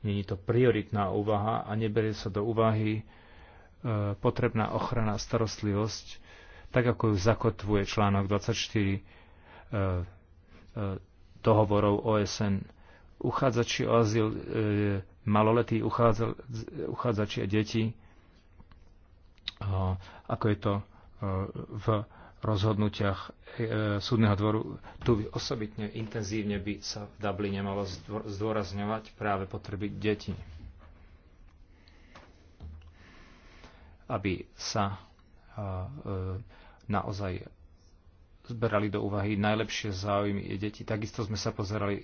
Není to prioritná úvaha a neberie sa do úvahy e, potrebná ochrana a starostlivosť, tak ako ju zakotvuje článok 24 e, e, dohovorov OSN. Uchádzači o azyl, maloletí uchádzači a deti, ako je to v rozhodnutiach e, súdneho dvoru. Tu by osobitne intenzívne by sa v Dubline malo zdôrazňovať práve potreby detí. Aby sa e, e, naozaj zberali do úvahy najlepšie záujmy detí. Takisto sme sa pozerali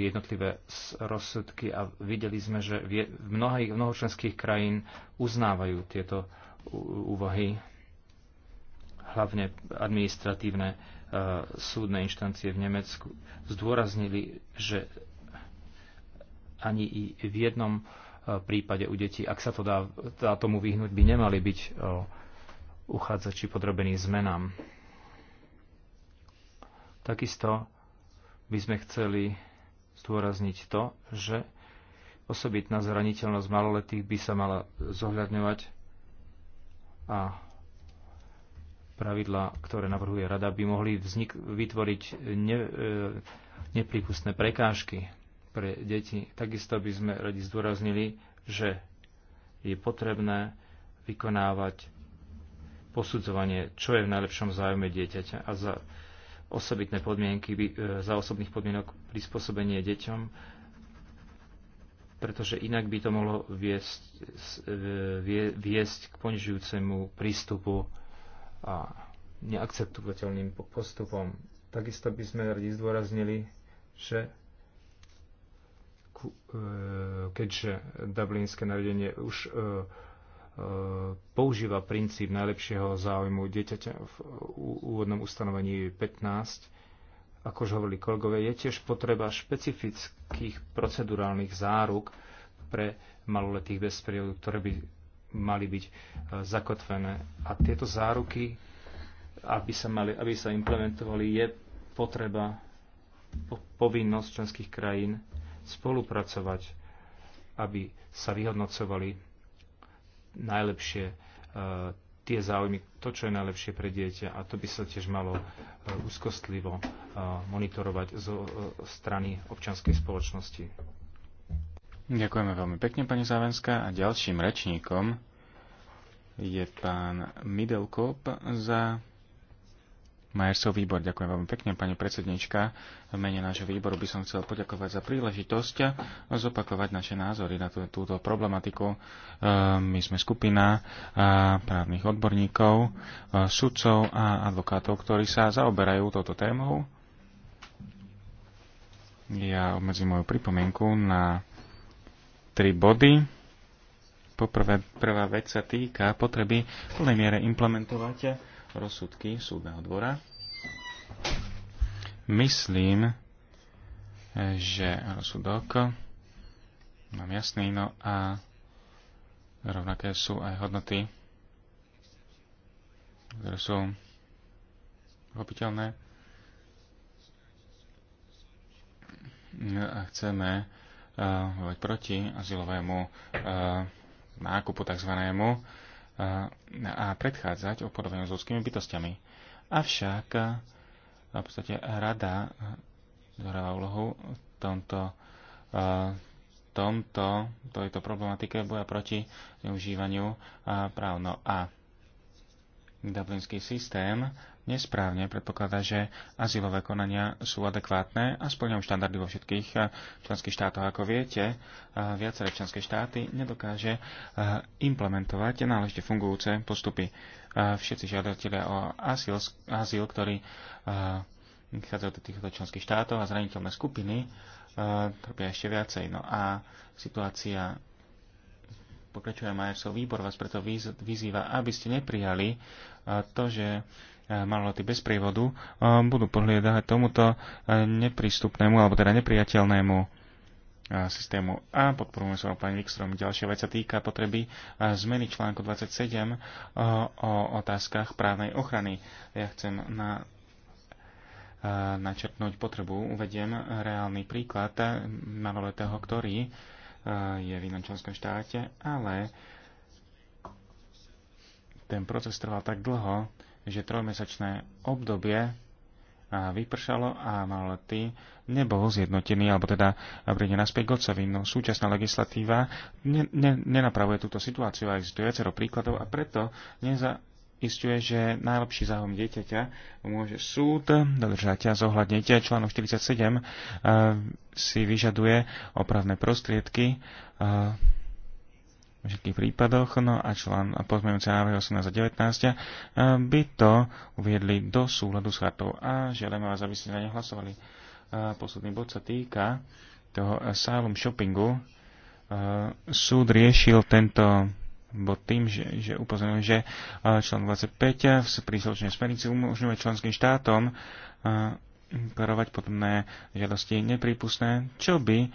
jednotlivé rozsudky a videli sme, že v mnohých, mnoho členských krajín uznávajú tieto úvahy hlavne administratívne e, súdne inštancie v Nemecku zdôraznili, že ani i v jednom e, prípade u detí, ak sa to dá, dá tomu vyhnúť, by nemali byť e, uchádzači podrobení zmenám. Takisto by sme chceli zdôrazniť to, že osobitná zraniteľnosť maloletých by sa mala zohľadňovať a pravidlá, ktoré navrhuje rada, by mohli vznik- vytvoriť ne, e, nepripustné prekážky pre deti. Takisto by sme radi zdôraznili, že je potrebné vykonávať posudzovanie, čo je v najlepšom záujme dieťaťa a za osobitné podmienky, e, za osobných podmienok prispôsobenie deťom, pretože inak by to mohlo viesť, e, viesť k ponižujúcemu prístupu a neakceptovateľným postupom. Takisto by sme radi zdôraznili, že e, keďže Dublinské nariadenie už e, e, používa princíp najlepšieho záujmu dieťaťa v úvodnom ustanovení 15, ako už hovorili kolegovia, je tiež potreba špecifických procedurálnych záruk pre maloletých bezprievodov, ktoré by mali byť e, zakotvené. A tieto záruky, aby sa, mali, aby sa implementovali, je potreba, po, povinnosť členských krajín spolupracovať, aby sa vyhodnocovali najlepšie e, tie záujmy, to, čo je najlepšie pre dieťa a to by sa tiež malo e, úzkostlivo monitorovať zo strany občianskej spoločnosti. Ďakujeme veľmi pekne, pani Závenská. A ďalším rečníkom je pán Midelkop za Majersov výbor. Ďakujem veľmi pekne, pani predsednička. V mene nášho výboru by som chcel poďakovať za príležitosť zopakovať naše názory na túto problematiku. E, my sme skupina e, právnych odborníkov, e, sudcov a advokátov, ktorí sa zaoberajú touto témou. Ja obmedzím moju pripomienku na tri body. Poprvé, prvá vec sa týka potreby v plnej miere implementovať rozsudky súdneho dvora. Myslím, že rozsudok mám jasný, no a rovnaké sú aj hodnoty, ktoré sú chopiteľné. No a chceme bojovať proti azylovému e, nákupu tzv. E, a predchádzať obchodovaniu s ľudskými bytostiami. Avšak e, v podstate rada zohráva úlohu v tomto, tomto, tejto problematike boja proti využívaniu práv. No a dublinský systém nesprávne predpokladá, že azylové konania sú adekvátne a splňujú štandardy vo všetkých eh, členských štátoch. Ako viete, eh, viaceré členské štáty nedokáže eh, implementovať náležite fungujúce postupy. Všetci žiadatelia o azyl, azyl ktorí vychádzajú do týchto členských štátov a zraniteľné skupiny, trpia ešte viacej. No a situácia pokračuje Majersov výbor, vás preto vyzýva, aby ste neprijali to, že E, maloty bez prievodu e, budú podliedať tomuto e, neprístupnému alebo teda nepriateľnému systému. A podporujeme sa pani Vikstrom. Ďalšia vec sa týka potreby zmeny článku 27 o otázkach právnej ochrany. Ja chcem na načrtnúť potrebu. Uvediem reálny príklad maloletého, ktorý je v inom štáte, ale ten proces trval tak dlho, že trojmesačné obdobie vypršalo a ty, nebol zjednotený, alebo teda príde naspäť Gocovi. No súčasná legislatíva ne, ne, nenapravuje túto situáciu a existuje viacero príkladov a preto nezaistuje, že najlepší záhom dieťaťa môže súd dodržať a zohľadniť. Článok 47 e, si vyžaduje opravné prostriedky e, v všetkých prípadoch, no a člán a pozmeňujúce návrhy 18 a 19 eh, by to uviedli do súhľadu s chartou a žiadame vás, aby ste na ne hlasovali. A eh, posledný bod sa týka toho asylum shoppingu. Eh, súd riešil tento bod tým, že, že upozorňujem, že člen 25 v príslušnej smernici umožňuje členským štátom klarovať podobné žiadosti neprípustné, čo by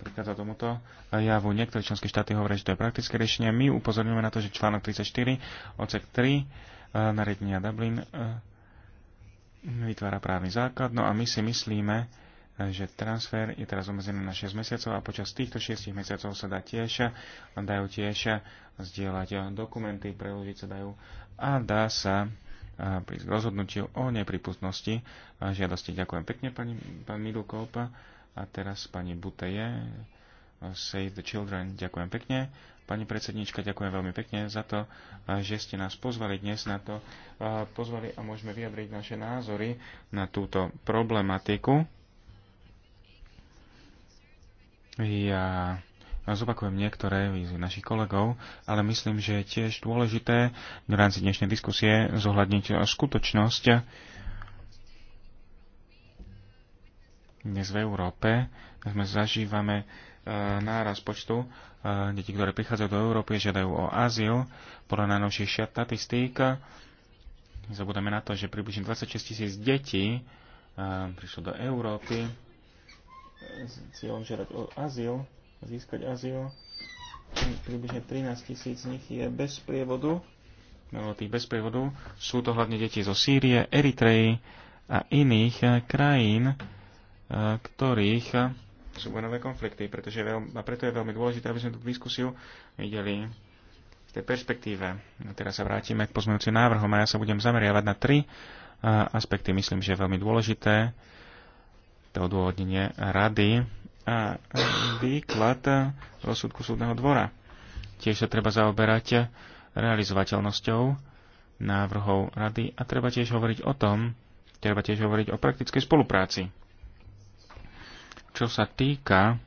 prichádza tomuto javu. Niektoré členské štáty hovoria, že to je praktické riešenie. My upozorňujeme na to, že článok 34, odsek 3 e, nariadenia Dublin e, vytvára právny základ. No a my si myslíme, že transfer je teraz obmedzený na 6 mesiacov a počas týchto 6 mesiacov sa dá tiež, dajú tiež zdieľať dokumenty, preložiť sa dajú a dá sa e, k rozhodnutiu o nepripustnosti žiadosti. Ďakujem pekne, pani, pán Midlkov. A teraz pani Buteje, eh, Save the Children, ďakujem pekne. Pani predsednička, ďakujem veľmi pekne za to, eh, že ste nás pozvali dnes na to. Eh, pozvali a môžeme vyjadriť naše názory na túto problematiku. Ja zopakujem niektoré výzvy našich kolegov, ale myslím, že je tiež dôležité v rámci dnešnej diskusie zohľadniť skutočnosť, dnes v Európe sme zažívame e, náraz počtu e, detí, ktoré prichádzajú do Európy, žiadajú o azyl. Podľa najnovších štatistík zabudáme na to, že približne 26 tisíc detí e, prišlo do Európy s cieľom žiadať o azyl, získať azyl. Približne 13 tisíc z nich je bez prievodu. Mimo tých bez prievodu sú to hlavne deti zo Sýrie, Eritreji a iných krajín, E, ktorých e, sú vojnové konflikty, pretože veľ, a preto je veľmi dôležité, aby sme tú diskusiu videli v tej perspektíve. A teraz sa vrátime k pozmeňujúcim návrhom a ja sa budem zameriavať na tri e, aspekty. Myslím, že je veľmi dôležité to odôvodnenie rady a výklad rozsudku súdneho dvora. Tiež sa treba zaoberať realizovateľnosťou návrhov rady a treba tiež hovoriť o tom, treba tiež hovoriť o praktickej spolupráci čo sa týka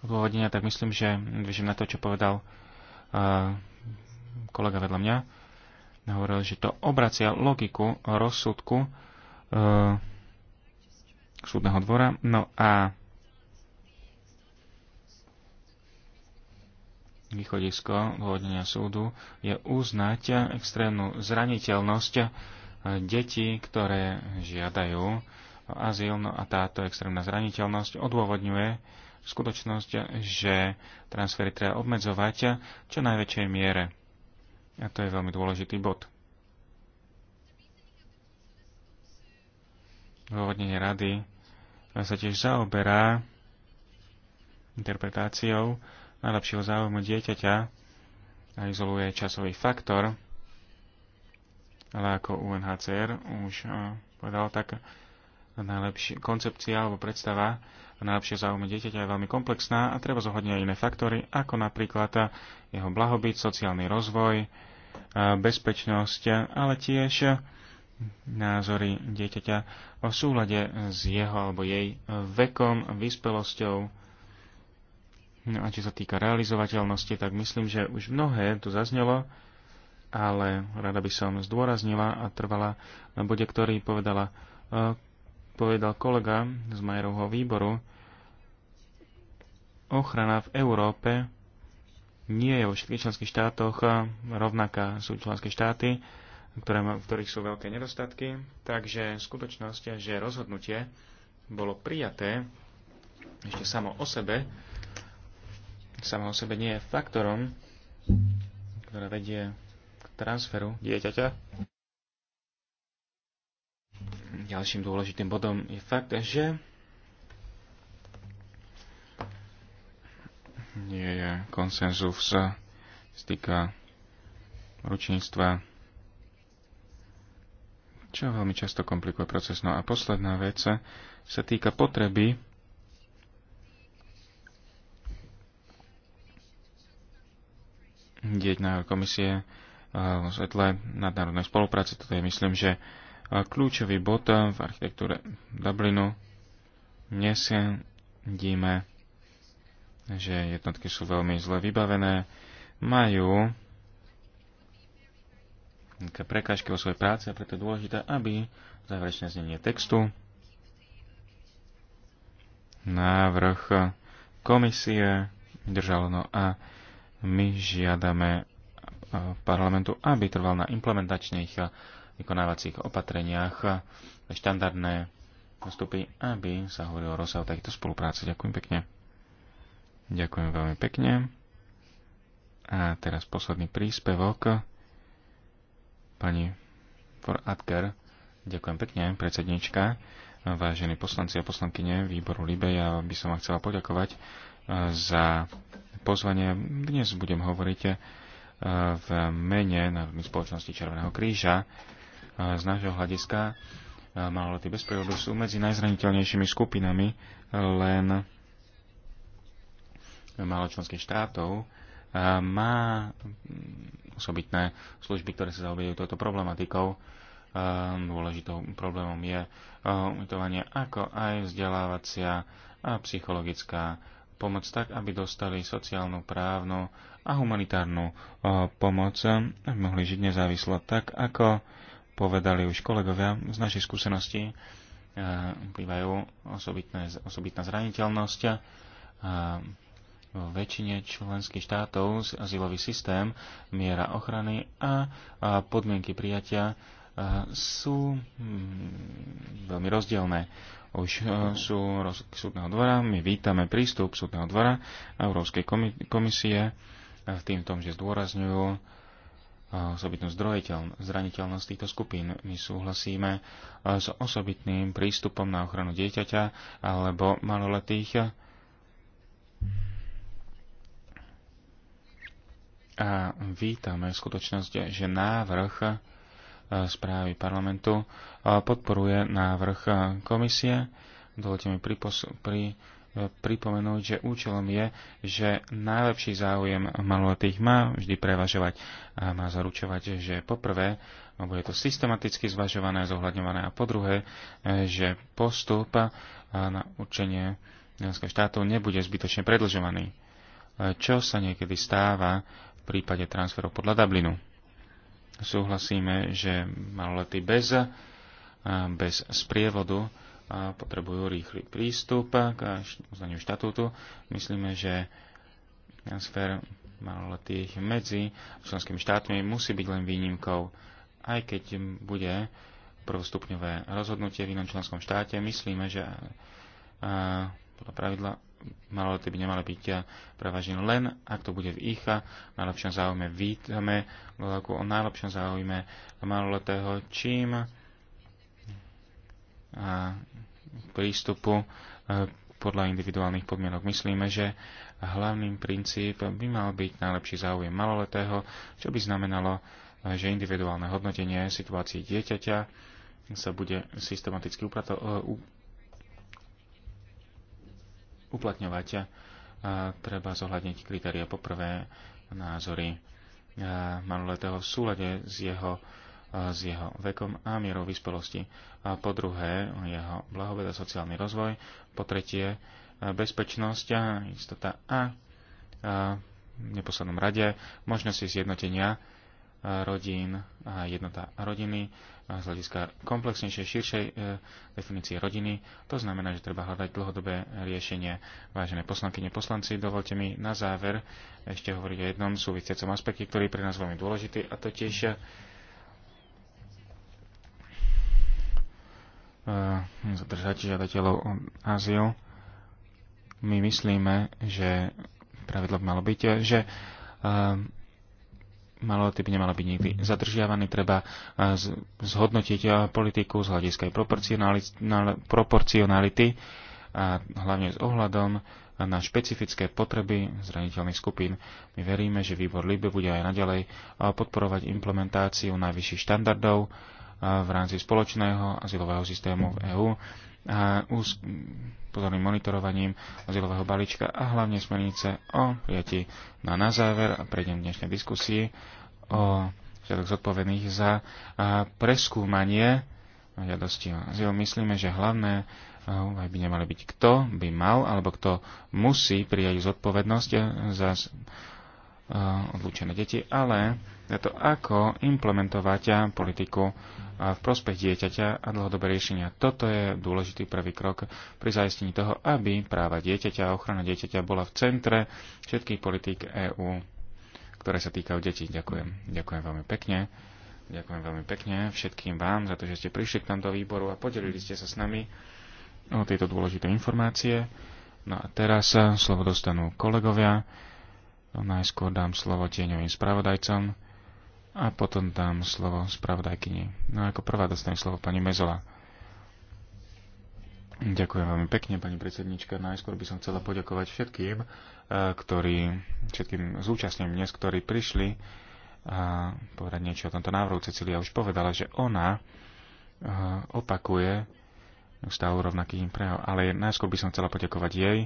odôvodnenia, tak myslím, že vyžím na to, čo povedal uh, kolega vedľa mňa. Hovoril, že to obracia logiku rozsudku uh, súdneho dvora. No a východisko dôvodenia súdu je uznať extrémnu zraniteľnosť uh, detí, ktoré žiadajú azyl no a táto extrémna zraniteľnosť odôvodňuje skutočnosť, že transfery treba obmedzovať čo najväčšej miere. A to je veľmi dôležitý bod. Dôvodnenie rady sa tiež zaoberá interpretáciou najlepšieho záujmu dieťaťa a izoluje časový faktor, ale ako UNHCR už eh, povedal, tak Najlepšia koncepcia alebo predstava najlepšie záujmy dieťaťa je veľmi komplexná a treba zohľadniť aj iné faktory, ako napríklad jeho blahobyt, sociálny rozvoj, bezpečnosť, ale tiež názory dieťaťa o súlade s jeho alebo jej vekom, vyspelosťou. No a čo sa týka realizovateľnosti, tak myslím, že už mnohé tu zaznelo, ale rada by som zdôraznila a trvala na bode, ktorý povedala e, povedal kolega z Majerovho výboru, ochrana v Európe nie je vo všetkých členských štátoch rovnaká. Sú členské štáty, ktoré, v ktorých sú veľké nedostatky, takže skutočnosť, že rozhodnutie bolo prijaté ešte samo o sebe, samo o sebe nie je faktorom, ktoré vedie k transferu dieťaťa Ďalším dôležitým bodom je fakt, že nie je konsenzus z týka ručníctva, čo veľmi často komplikuje proces. No a posledná vec sa týka potreby deť na komisie eh, v svetle nadnárodnej spolupráce. Toto je, myslím, že kľúčový bod v architektúre Dublinu. Dnes vidíme, že jednotky sú veľmi zle vybavené, majú nejaké prekážky vo svojej práci a preto je dôležité, aby záverečné znenie textu návrh komisie držalo. No a my žiadame eh, parlamentu, aby trval na implementačných vykonávacích opatreniach štandardné postupy, aby sa hovorilo o rozsahu takéto spolupráce. Ďakujem pekne. Ďakujem veľmi pekne. A teraz posledný príspevok. Pani For Adger, ďakujem pekne, predsednička, vážení poslanci a poslankyne výboru Libe, ja by som vám chcela poďakovať e, za pozvanie. Dnes budem hovoriť e, v mene Národnej spoločnosti Červeného kríža z nášho hľadiska malolety bez prírodu sú medzi najzraniteľnejšími skupinami len maločlenských štátov má osobitné služby, ktoré sa zaoberajú touto problematikou. Dôležitou problémom je umytovanie ako aj vzdelávacia a psychologická pomoc tak, aby dostali sociálnu, právnu a humanitárnu pomoc, aby mohli žiť nezávislo tak, ako povedali už kolegovia, z našej skúsenosti bývajú e, osobitné, osobitná zraniteľnosť. A e, vo väčšine členských štátov azylový systém, miera ochrany a, podmienky prijatia e, sú mm, veľmi rozdielne. Už sú rozsudky súdneho dvora, my vítame prístup súdneho dvora Európskej komisie v tým tom, že zdôrazňujú osobitnú zraniteľnosť týchto skupín. My súhlasíme e, s osobitným prístupom na ochranu dieťaťa alebo maloletých a vítame skutočnosť, že návrh e, správy parlamentu e, podporuje návrh komisie. Dovolte mi pripos- pri pripomenúť, že účelom je, že najlepší záujem maloletých má vždy prevažovať a má zaručovať, že poprvé bude to systematicky zvažované, zohľadňované a po druhé, že postup na určenie členského štátu nebude zbytočne predlžovaný, čo sa niekedy stáva v prípade transferov podľa Dublinu. Súhlasíme, že maloletí bez, bez sprievodu a potrebujú rýchly prístup k uznaniu štatútu. Myslíme, že transfer maloletých medzi členskými štátmi musí byť len výnimkou. Aj keď bude prvostupňové rozhodnutie v inom členskom štáte, myslíme, že podľa pravidla maloleté by nemali byť prevažne len, ak to bude v ich najlepšom záujme. Vítame o najlepšom záujme maloletého, čím a prístupu e, podľa individuálnych podmienok. Myslíme, že hlavným princíp by mal byť najlepší záujem maloletého, čo by znamenalo, e, že individuálne hodnotenie situácií dieťaťa sa bude systematicky e, uplatňovať. A treba zohľadniť kritéria poprvé názory maloletého v súlade s jeho s jeho vekom a mierou vyspelosti. A po druhé, jeho blahoveda, a sociálny rozvoj. Po tretie, bezpečnosť a istota a, a v neposlednom rade možnosti zjednotenia rodín a jednota rodiny a z hľadiska komplexnejšej, širšej e, definície rodiny. To znamená, že treba hľadať dlhodobé riešenie. Vážené poslankyne, poslanci, dovolte mi na záver ešte hovoriť o jednom súvisiacom aspekte, ktorý je pre nás veľmi dôležitý a to tiež E, zadržať žiadateľov o azyl. My myslíme, že pravidlo by malo byť, že e, ty by nemalo byť nikdy zadržiavaný, treba e, zhodnotiť politiku z hľadiska proporcionality a hlavne s ohľadom na špecifické potreby zraniteľných skupín. My veríme, že výbor LIBE bude aj naďalej podporovať implementáciu najvyšších štandardov v rámci spoločného azylového systému v EÚ a pozorným monitorovaním azylového balíčka a hlavne smernice o prijatí. No a na záver prejdem dnešnej diskusii o žiadok zodpovedných za preskúmanie žiadosti o azyl. Myslíme, že hlavné by nemali byť kto by mal alebo kto musí prijať zodpovednosť e, za odlúčené deti, ale na to, ako implementovať politiku v prospech dieťaťa a dlhodobé riešenia. Toto je dôležitý prvý krok pri zaistení toho, aby práva dieťaťa a ochrana dieťaťa bola v centre všetkých politík EÚ, ktoré sa týkajú detí. Ďakujem. Ďakujem veľmi pekne. Ďakujem veľmi pekne všetkým vám za to, že ste prišli k tomto výboru a podelili ste sa s nami o tieto dôležité informácie. No a teraz eh, slovo dostanú kolegovia. No, najskôr dám slovo tieňovým spravodajcom a potom dám slovo spravodajkyni. No a ako prvá dostane slovo pani Mezola. Ďakujem veľmi pekne, pani predsednička. Najskôr by som chcela poďakovať všetkým, eh, ktorí, všetkým zúčastným dnes, ktorí prišli a povedať niečo o tomto návrhu. Cecilia už povedala, že ona eh, opakuje stále rovnakých prejav, ale najskôr by som chcela poďakovať jej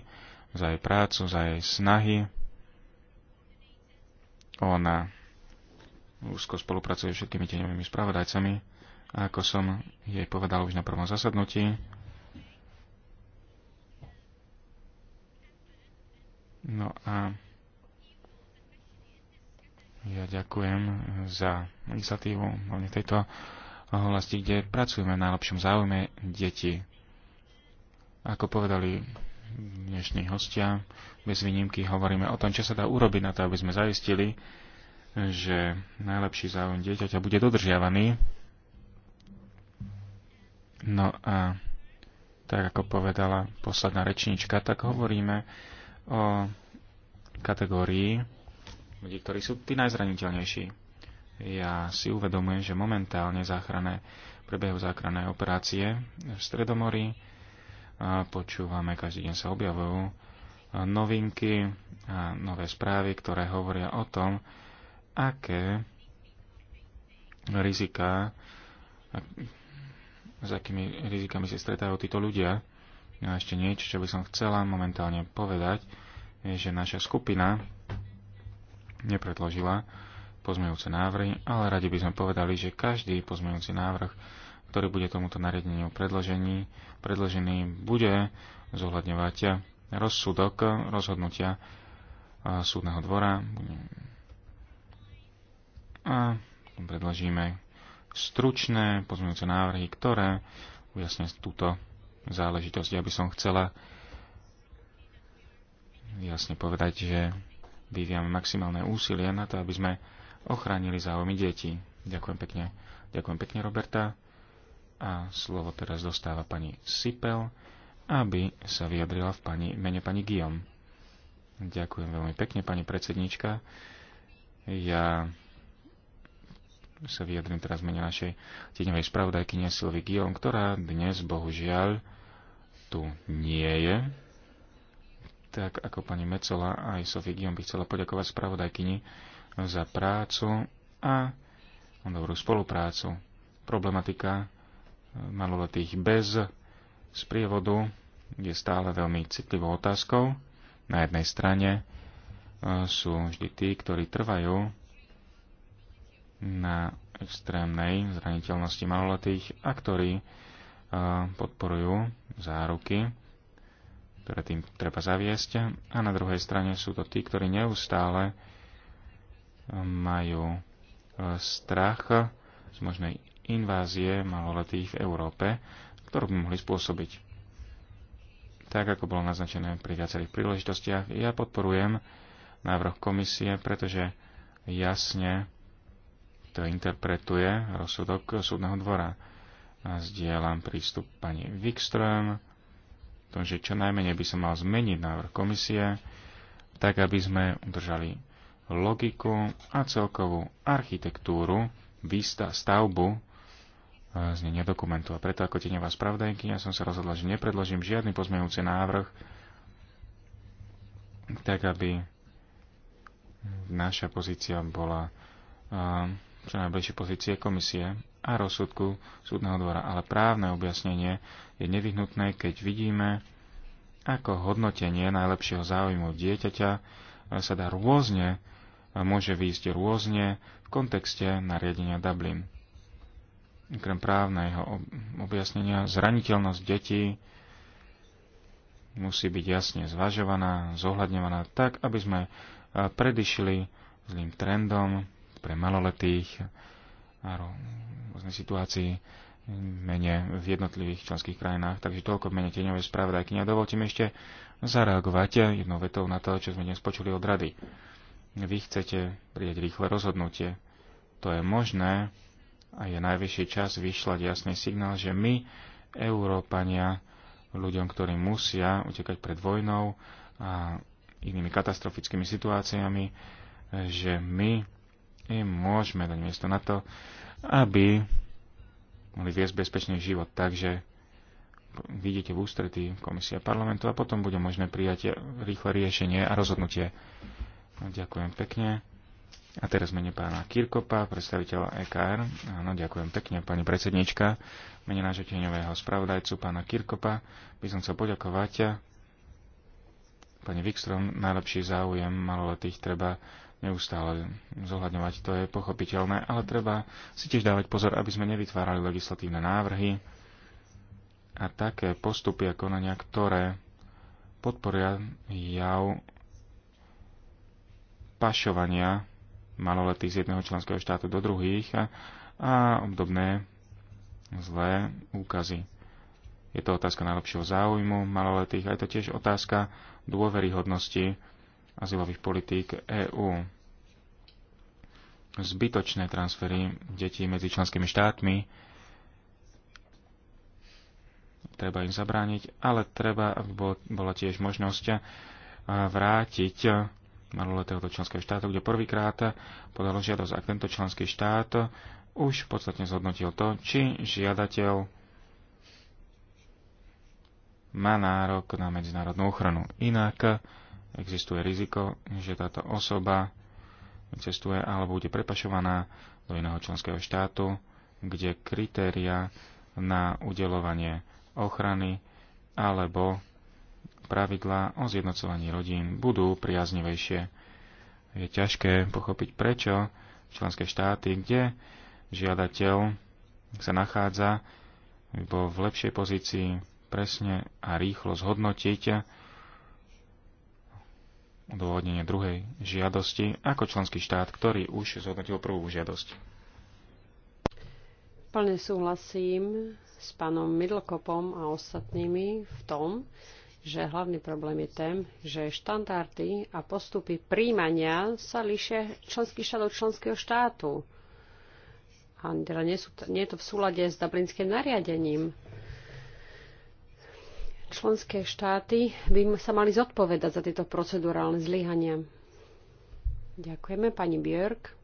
za jej prácu, za jej snahy, ona úzko spolupracuje s všetkými tieňovými spravodajcami a ako som jej povedal už na prvom zasadnutí, No a ja ďakujem za legislatívu, hlavne tejto oblasti, kde pracujeme na najlepšom záujme deti Ako povedali dnešní hostia. Bez výnimky hovoríme o tom, čo sa dá urobiť na to, aby sme zaistili, že najlepší záujem dieťaťa bude dodržiavaný. No a tak ako povedala posledná rečnička, tak hovoríme o kategórii ľudí, ktorí sú tí najzraniteľnejší. Ja si uvedomujem, že momentálne záchranné, prebehu záchranné operácie v Stredomorí, počúvame, každý deň sa objavujú novinky a nové správy, ktoré hovoria o tom, aké rizika, s akými rizikami sa stretávajú títo ľudia. A ešte niečo, čo by som chcela momentálne povedať, je, že naša skupina nepredložila pozmejúce návrhy, ale radi by sme povedali, že každý pozmejúci návrh ktorý bude tomuto nariadeniu predložený, predložený bude zohľadňovať rozsudok rozhodnutia súdneho dvora. A predložíme stručné pozmeňujúce návrhy, ktoré ujasnia túto záležitosť. Ja by som chcela jasne povedať, že vyvíjame maximálne úsilie na to, aby sme ochránili záujmy detí. Ďakujem pekne. Ďakujem pekne, Roberta. A slovo teraz dostáva pani Sipel, aby sa vyjadrila v pani, mene pani Guillaume. Ďakujem veľmi pekne, pani predsednička. Ja sa vyjadrím teraz mene našej tieňovej spravodajkyne Silvy Guillaume, ktorá dnes bohužiaľ tu nie je. Tak ako pani Mecola aj Sofie Guillaume by chcela poďakovať spravodajkyni za prácu a dobrú spoluprácu. Problematika maloletých bez sprievodu je stále veľmi citlivou otázkou. Na jednej strane e, sú vždy tí, ktorí trvajú na extrémnej zraniteľnosti maloletých a ktorí e, podporujú záruky, ktoré tým treba zaviesť. A na druhej strane sú to tí, ktorí neustále e, majú strach z možnej invázie maloletých v Európe, ktorú by mohli spôsobiť. Tak, ako bolo naznačené pri viacerých príležitostiach, ja podporujem návrh komisie, pretože jasne to interpretuje rozsudok súdneho dvora. A zdieľam prístup pani Wikström, tom, že čo najmenej by sa mal zmeniť návrh komisie, tak aby sme udržali logiku a celkovú architektúru, výsta, stavbu znenia dokumentu. A preto ako tenevá spravdajky ja som sa rozhodla, že nepredložím žiadny pozmenujúci návrh, tak aby naša pozícia bola čo najbližšie pozície komisie a rozsudku súdneho dvora. Ale právne objasnenie je nevyhnutné, keď vidíme, ako hodnotenie najlepšieho záujmu dieťaťa sa dá rôzne, môže výjsť rôzne v kontexte nariadenia Dublin okrem právneho objasnenia, zraniteľnosť detí musí byť jasne zvažovaná, zohľadňovaná tak, aby sme e, predišili zlým trendom pre maloletých a rôznej situácii mene v jednotlivých členských krajinách. Takže toľko v mene tieňovej spravodajkyne. A dovolte mi ešte zareagovať jednou vetou na to, čo sme dnes počuli od rady. Vy chcete prijať rýchle rozhodnutie. To je možné, a je najvyšší čas vyšľať jasný signál, že my, Európania, ľuďom, ktorí musia utekať pred vojnou a inými katastrofickými situáciami, že my im môžeme dať miesto na to, aby mohli viesť bezpečný život. Takže vidíte v ústretí komisia parlamentu a potom bude možné prijať rýchle riešenie a rozhodnutie. Ďakujem pekne. A teraz mene pána Kirkopa, predstaviteľa EKR. Áno, ďakujem pekne, pani predsednička. Mene nášho teňového spravodajcu, pána Kirkopa, by som chcel poďakovať eh, pani Vikstrom, Najlepší záujem maloletých treba neustále zohľadňovať. To je pochopiteľné, ale treba si tiež dávať pozor, aby sme nevytvárali legislatívne návrhy a také postupy a konania, ktoré podporia jav pašovania maloletých z jedného členského štátu do druhých a, a obdobné zlé úkazy. Je to otázka najlepšieho záujmu maloletých a je to tiež otázka dôveryhodnosti azylových politík EÚ. Zbytočné transfery detí medzi členskými štátmi treba im zabrániť, ale treba, aby bola tiež možnosť vrátiť maloletého do členského štátu, kde prvýkrát podal žiadosť, ak tento členský štát už v podstatne zhodnotil to, či žiadateľ má nárok na medzinárodnú ochranu. Inak existuje riziko, že táto osoba cestuje alebo bude prepašovaná do iného členského štátu, kde kritéria na udelovanie ochrany alebo pravidlá o zjednocovaní rodín budú priaznivejšie. Je ťažké pochopiť prečo členské štáty, kde žiadateľ sa nachádza, bol v lepšej pozícii presne a rýchlo zhodnotiť odôvodnenie druhej žiadosti ako členský štát, ktorý už zhodnotil prvú žiadosť. Plne súhlasím s pánom Midlkopom a ostatnými v tom, že hlavný problém je ten, že štandardy a postupy príjmania sa líšia členských štátov členského štátu. A teda nie, sú, nie je to v súlade s dublinským nariadením. Členské štáty by sa mali zodpovedať za tieto procedurálne zlyhania. Ďakujeme, pani Björk.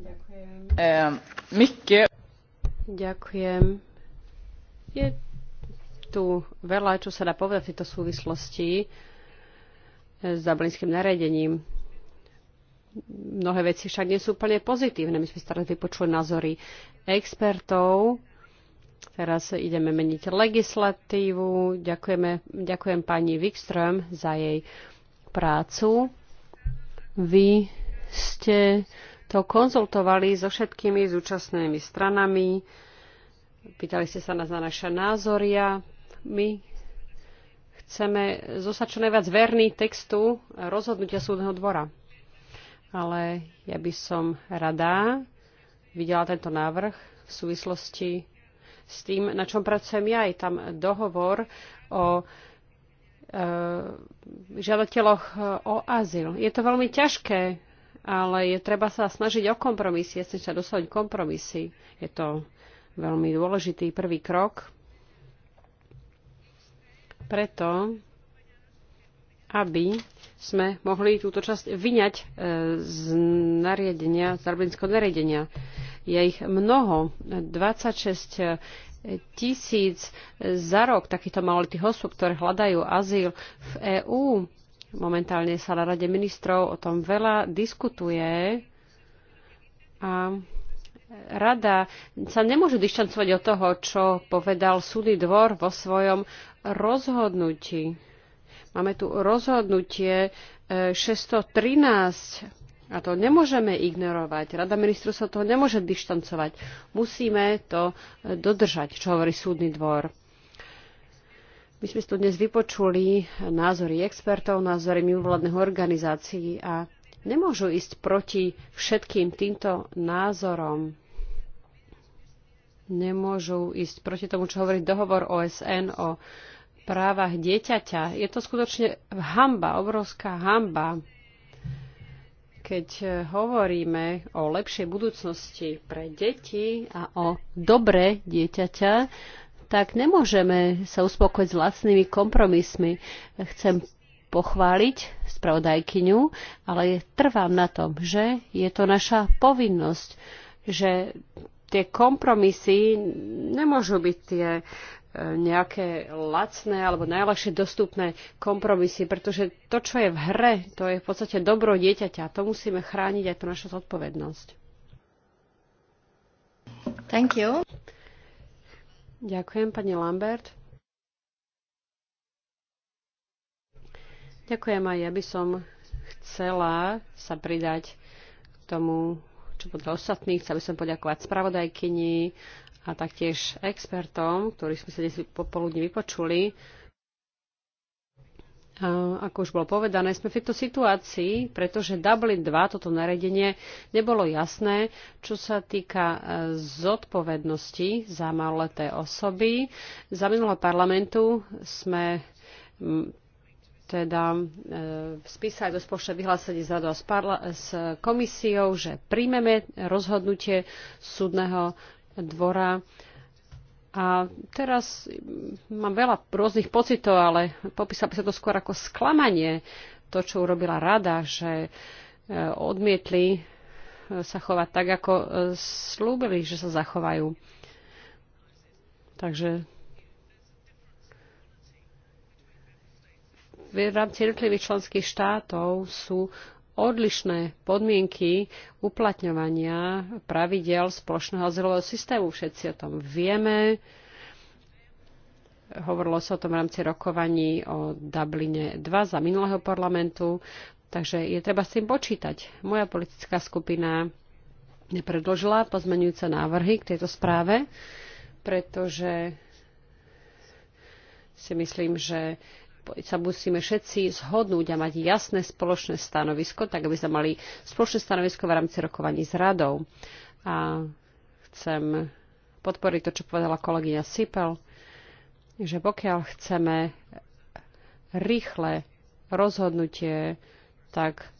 Ďakujem. Um, Ďakujem. Je tu veľa, čo sa dá povedať v tejto súvislosti s e, dublinským nariadením. Mnohé veci však nie sú úplne pozitívne. My sme stále vypočuli názory expertov. Teraz ideme meniť legislatívu. Ďakujeme, ďakujem pani Wikström za jej prácu. Vy ste to konzultovali so všetkými zúčastnenými stranami. Pýtali ste sa nás na naše názory a my chceme zostať čo najviac verný textu rozhodnutia súdneho dvora. Ale ja by som rada videla tento návrh v súvislosti s tým, na čom pracujem ja. Je tam dohovor o e, žiadateľoch o azyl. Je to veľmi ťažké ale je treba sa snažiť o kompromisy, ja sa dosať kompromisy. Je to veľmi dôležitý prvý krok. Preto, aby sme mohli túto časť vyňať e, z nariadenia, z Arbinského nariadenia. Je ich mnoho, 26 tisíc za rok takýchto maloletých osôb, ktoré hľadajú azyl v EÚ. Momentálne sa na Rade ministrov o tom veľa diskutuje a Rada sa nemôže dištancovať od toho, čo povedal súdny dvor vo svojom rozhodnutí. Máme tu rozhodnutie 613 e, a to nemôžeme ignorovať. Rada ministru sa toho nemôže dištancovať. Musíme to e, dodržať, čo hovorí súdny dvor. My sme tu dnes vypočuli názory expertov, názory mimovládnych organizácií a nemôžu ísť proti všetkým týmto názorom. Nemôžu ísť proti tomu, čo hovorí dohovor OSN o právach dieťaťa. Je to skutočne hamba, obrovská hamba, keď hovoríme o lepšej budúcnosti pre deti a o dobre dieťaťa, tak nemôžeme sa uspokojiť s vlastnými kompromismi. Chcem pochváliť spravodajkyňu, ale trvám na tom, že je to naša povinnosť, že tie kompromisy nemôžu byť tie e, nejaké lacné alebo najľahšie dostupné kompromisy, pretože to, čo je v hre, to je v podstate dobro dieťaťa. To musíme chrániť aj tú našu zodpovednosť. Thank you. Ďakujem, pani Lambert. Ďakujem aj ja by som chcela sa pridať k tomu, čo bude ostatný. Chcela by som poďakovať spravodajkyni a taktiež expertom, ktorí sme sa dnes popoludne vypočuli ako už bolo povedané, sme v tejto situácii, pretože Dublin 2, toto naredenie, nebolo jasné, čo sa týka e, zodpovednosti za maloleté osoby. Za minulého parlamentu sme teda e, spísali do spoločné vyhlásenie z radou s, s komisiou, že príjmeme rozhodnutie súdneho dvora a teraz mám veľa rôznych pocitov, ale popísal by sa to skôr ako sklamanie, to, čo urobila rada, že e, odmietli e, sa chovať tak, ako e, slúbili, že sa zachovajú. Takže v rámci jednotlivých členských štátov sú odlišné podmienky uplatňovania pravidel spoločného azylového systému. Všetci o tom vieme. Hovorilo sa o tom v rámci rokovaní o Dubline 2 za minulého parlamentu, takže je treba s tým počítať. Moja politická skupina nepredložila pozmenujúce návrhy k tejto správe, pretože si myslím, že sa musíme všetci zhodnúť a mať jasné spoločné stanovisko, tak aby sme mali spoločné stanovisko v rámci rokovaní s radou. A chcem podporiť to, čo povedala kolegyňa Sipel, že pokiaľ chceme rýchle rozhodnutie, tak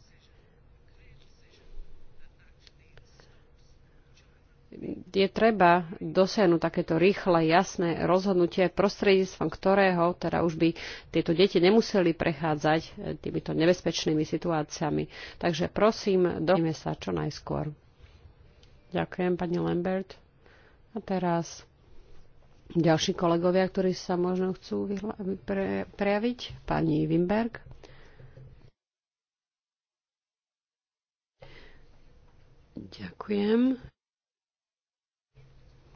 je treba dosiahnuť takéto rýchle, jasné rozhodnutie, prostredníctvom ktorého teda už by tieto deti nemuseli prechádzať eh, týmito nebezpečnými situáciami. Takže prosím, dohodneme sa čo najskôr. Ďakujem, pani Lambert. A teraz ďalší kolegovia, ktorí sa možno chcú pre prejaviť. Pani Wimberg. Ďakujem.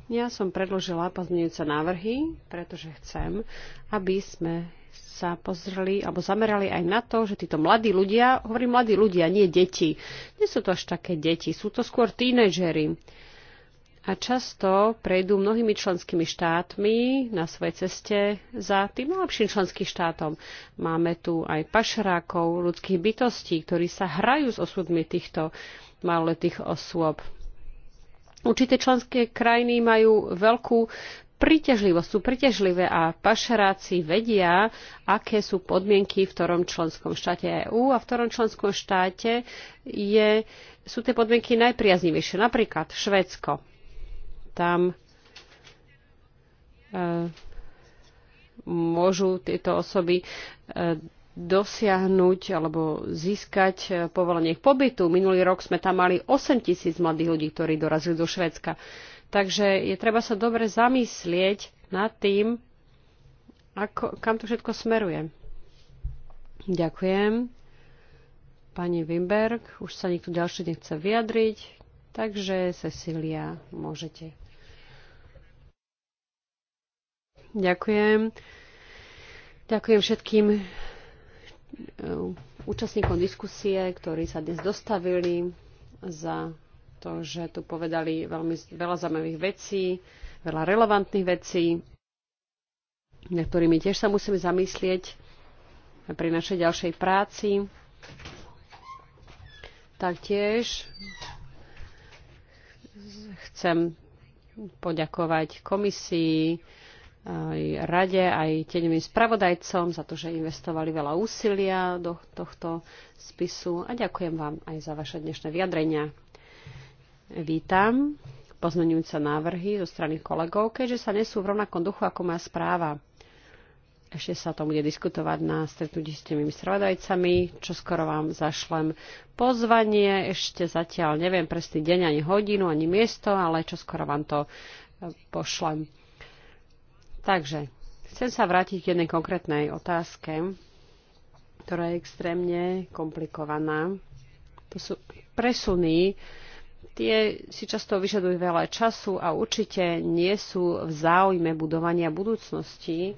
Ja som predložila pozmeňujúce návrhy, pretože chcem, aby sme sa pozreli alebo zamerali aj na to, že títo mladí ľudia, hovorím mladí ľudia, nie deti, nie sú to až také deti, sú to skôr tínežery. A často prejdú mnohými členskými štátmi na svojej ceste za tým najlepším členským štátom. Máme tu aj pašerákov ľudských bytostí, ktorí sa hrajú s osudmi týchto maloletých osôb. Určité členské krajiny majú veľkú príťažlivosť, sú príťažlivé a pašeráci vedia, aké sú podmienky v ktorom členskom štáte EÚ a v ktorom členskom štáte je, sú tie podmienky najpriaznivejšie. Napríklad Švédsko. Tam e, môžu tieto osoby e, dosiahnuť alebo získať eh, povolenie k pobytu. Minulý rok sme tam mali 8 tisíc mladých ľudí, ktorí dorazili do Švedska. Takže je treba sa dobre zamyslieť nad tým, ako, kam to všetko smeruje. Ďakujem. Pani Wimberg, už sa nikto ďalší nechce vyjadriť, takže Cecilia, môžete. Ďakujem. Ďakujem všetkým E, účastníkom diskusie, ktorí sa dnes dostavili za to, že tu povedali veľmi, veľa zaujímavých vecí, veľa relevantných vecí, na ktorými tiež sa musíme zamyslieť pri našej ďalšej práci. Taktiež chcem poďakovať komisii, aj rade, aj tenevým spravodajcom za to, že investovali veľa úsilia do tohto spisu a ďakujem vám aj za vaše dnešné vyjadrenia. Vítam pozmenujúce návrhy zo strany kolegov, keďže sa nesú v rovnakom duchu ako moja správa. Ešte sa o tom bude diskutovať na stretnutí s tými stravodajcami, čo skoro vám zašlem pozvanie. Ešte zatiaľ neviem presný deň, ani hodinu, ani miesto, ale čo skoro vám to pošlem. Takže, chcem sa vrátiť k jednej konkrétnej otázke, ktorá je extrémne komplikovaná. To sú presuny, tie si často vyžadujú veľa času a určite nie sú v záujme budovania budúcnosti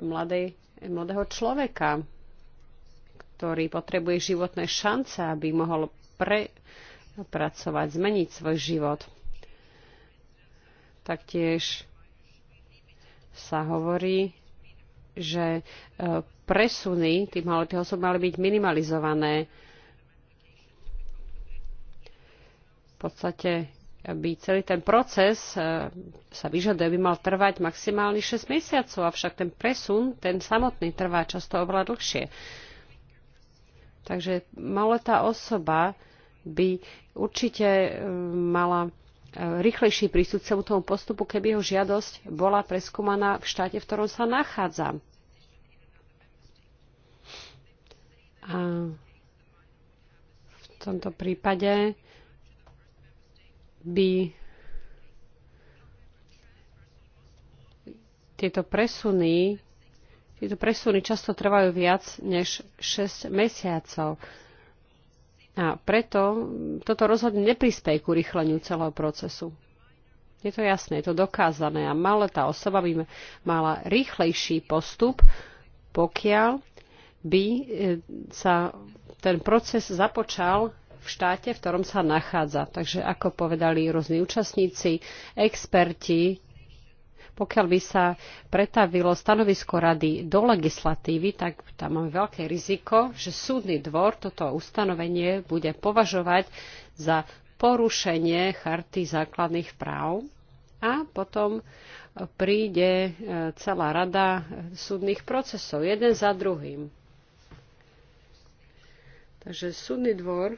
mladej, mladého človeka, ktorý potrebuje životné šance, aby mohol prepracovať, zmeniť svoj život. Taktiež sa hovorí, že e, presuny tých maloletých osob mali byť minimalizované. V podstate, aby celý ten proces e, sa vyžaduje, by mal trvať maximálne 6 mesiacov, avšak ten presun, ten samotný trvá často oveľa dlhšie. Takže maloletá osoba by určite e, mala rýchlejší prístup celú tomu postupu, keby jeho žiadosť bola preskúmaná v štáte, v ktorom sa nachádza. A v tomto prípade by tieto presuny, tieto presuny často trvajú viac než 6 mesiacov. A preto toto rozhodne neprispej ku rýchleniu celého procesu. Je to jasné, je to dokázané a mala tá osoba by mala rýchlejší postup, pokiaľ by e, sa ten proces započal v štáte, v ktorom sa nachádza. Takže ako povedali rôzni účastníci, experti, pokiaľ by sa pretavilo stanovisko rady do legislatívy, tak tam máme veľké riziko, že súdny dvor toto ustanovenie bude považovať za porušenie charty základných práv a potom príde e, celá rada súdnych procesov, jeden za druhým. Takže súdny dvor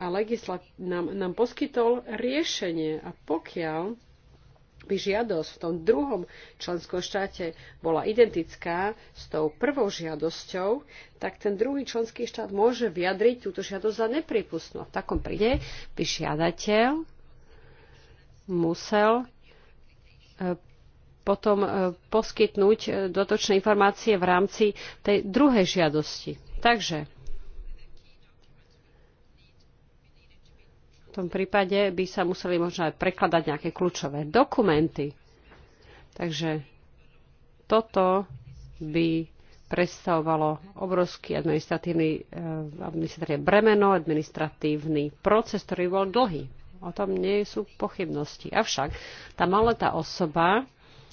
a legislat- nám, nám poskytol riešenie a pokiaľ by žiadosť v tom druhom členskom štáte bola identická s tou prvou žiadosťou, tak ten druhý členský štát môže vyjadriť túto žiadosť za nepripustnú. V takom príde by žiadateľ musel e, potom e, poskytnúť e, dotočné informácie v rámci tej druhej žiadosti. Takže V tom prípade by sa museli možno aj prekladať nejaké kľúčové dokumenty. Takže toto by predstavovalo obrovský administratívny eh, administratívne bremeno, administratívny proces, ktorý bol dlhý. O tom nie sú pochybnosti. Avšak tá maletá osoba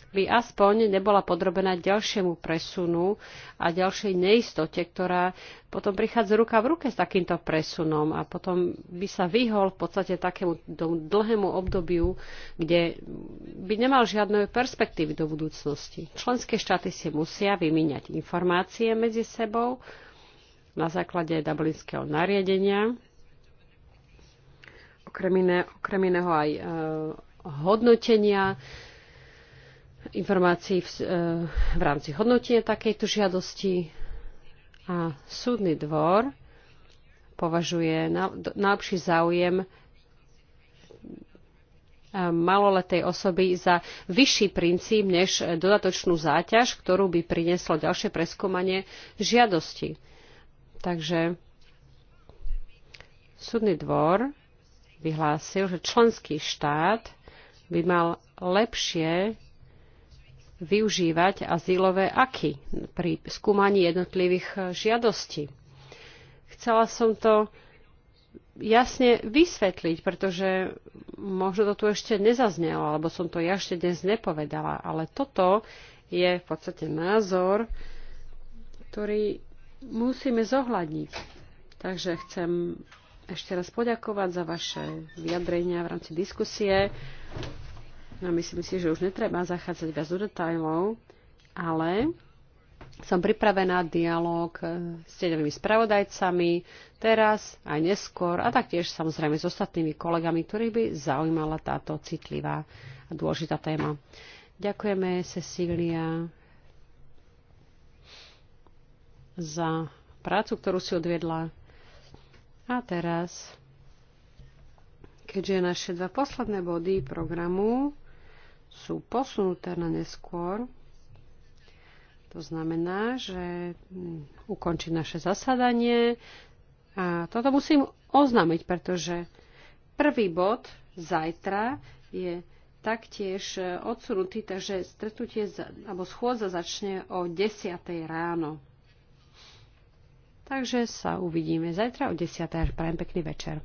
by aspoň nebola podrobená ďalšiemu presunu a ďalšej neistote, ktorá potom prichádza ruka v ruke s takýmto presunom a potom by sa vyhol v podstate takému dlhému obdobiu, kde by nemal žiadne perspektívy do budúcnosti. Členské štáty si musia vymieňať informácie medzi sebou na základe dublinského nariadenia, okrem, iné, okrem iného aj e, hodnotenia informácií v, e, v rámci hodnotenia takejto žiadosti a súdny dvor považuje na, najlepší záujem e, maloletej osoby za vyšší princíp než dodatočnú záťaž, ktorú by prinieslo ďalšie preskúmanie žiadosti. Takže súdny dvor vyhlásil, že členský štát by mal lepšie využívať azylové aky pri skúmaní jednotlivých e, žiadostí. Chcela som to jasne vysvetliť, pretože možno to tu ešte nezaznelo, alebo som to ja ešte dnes nepovedala, ale toto je v podstate názor, ktorý musíme zohľadniť. Takže chcem ešte raz poďakovať za vaše vyjadrenia v rámci diskusie No myslím si, že už netreba zachádzať viac do detajlov, ale som pripravená dialog e, s tenovými spravodajcami teraz aj neskôr a taktiež samozrejme s ostatnými kolegami, ktorých by zaujímala táto citlivá a dôležitá téma. Ďakujeme, Cecília, za prácu, ktorú si odviedla. A teraz, keďže naše dva posledné body programu sú posunuté na neskôr. To znamená, že ukončí naše zasadanie. A toto musím oznámiť, pretože prvý bod zajtra je taktiež odsunutý, takže stretnutie alebo schôdza začne o 10. ráno. Takže sa uvidíme zajtra o 10. až prajem pekný večer.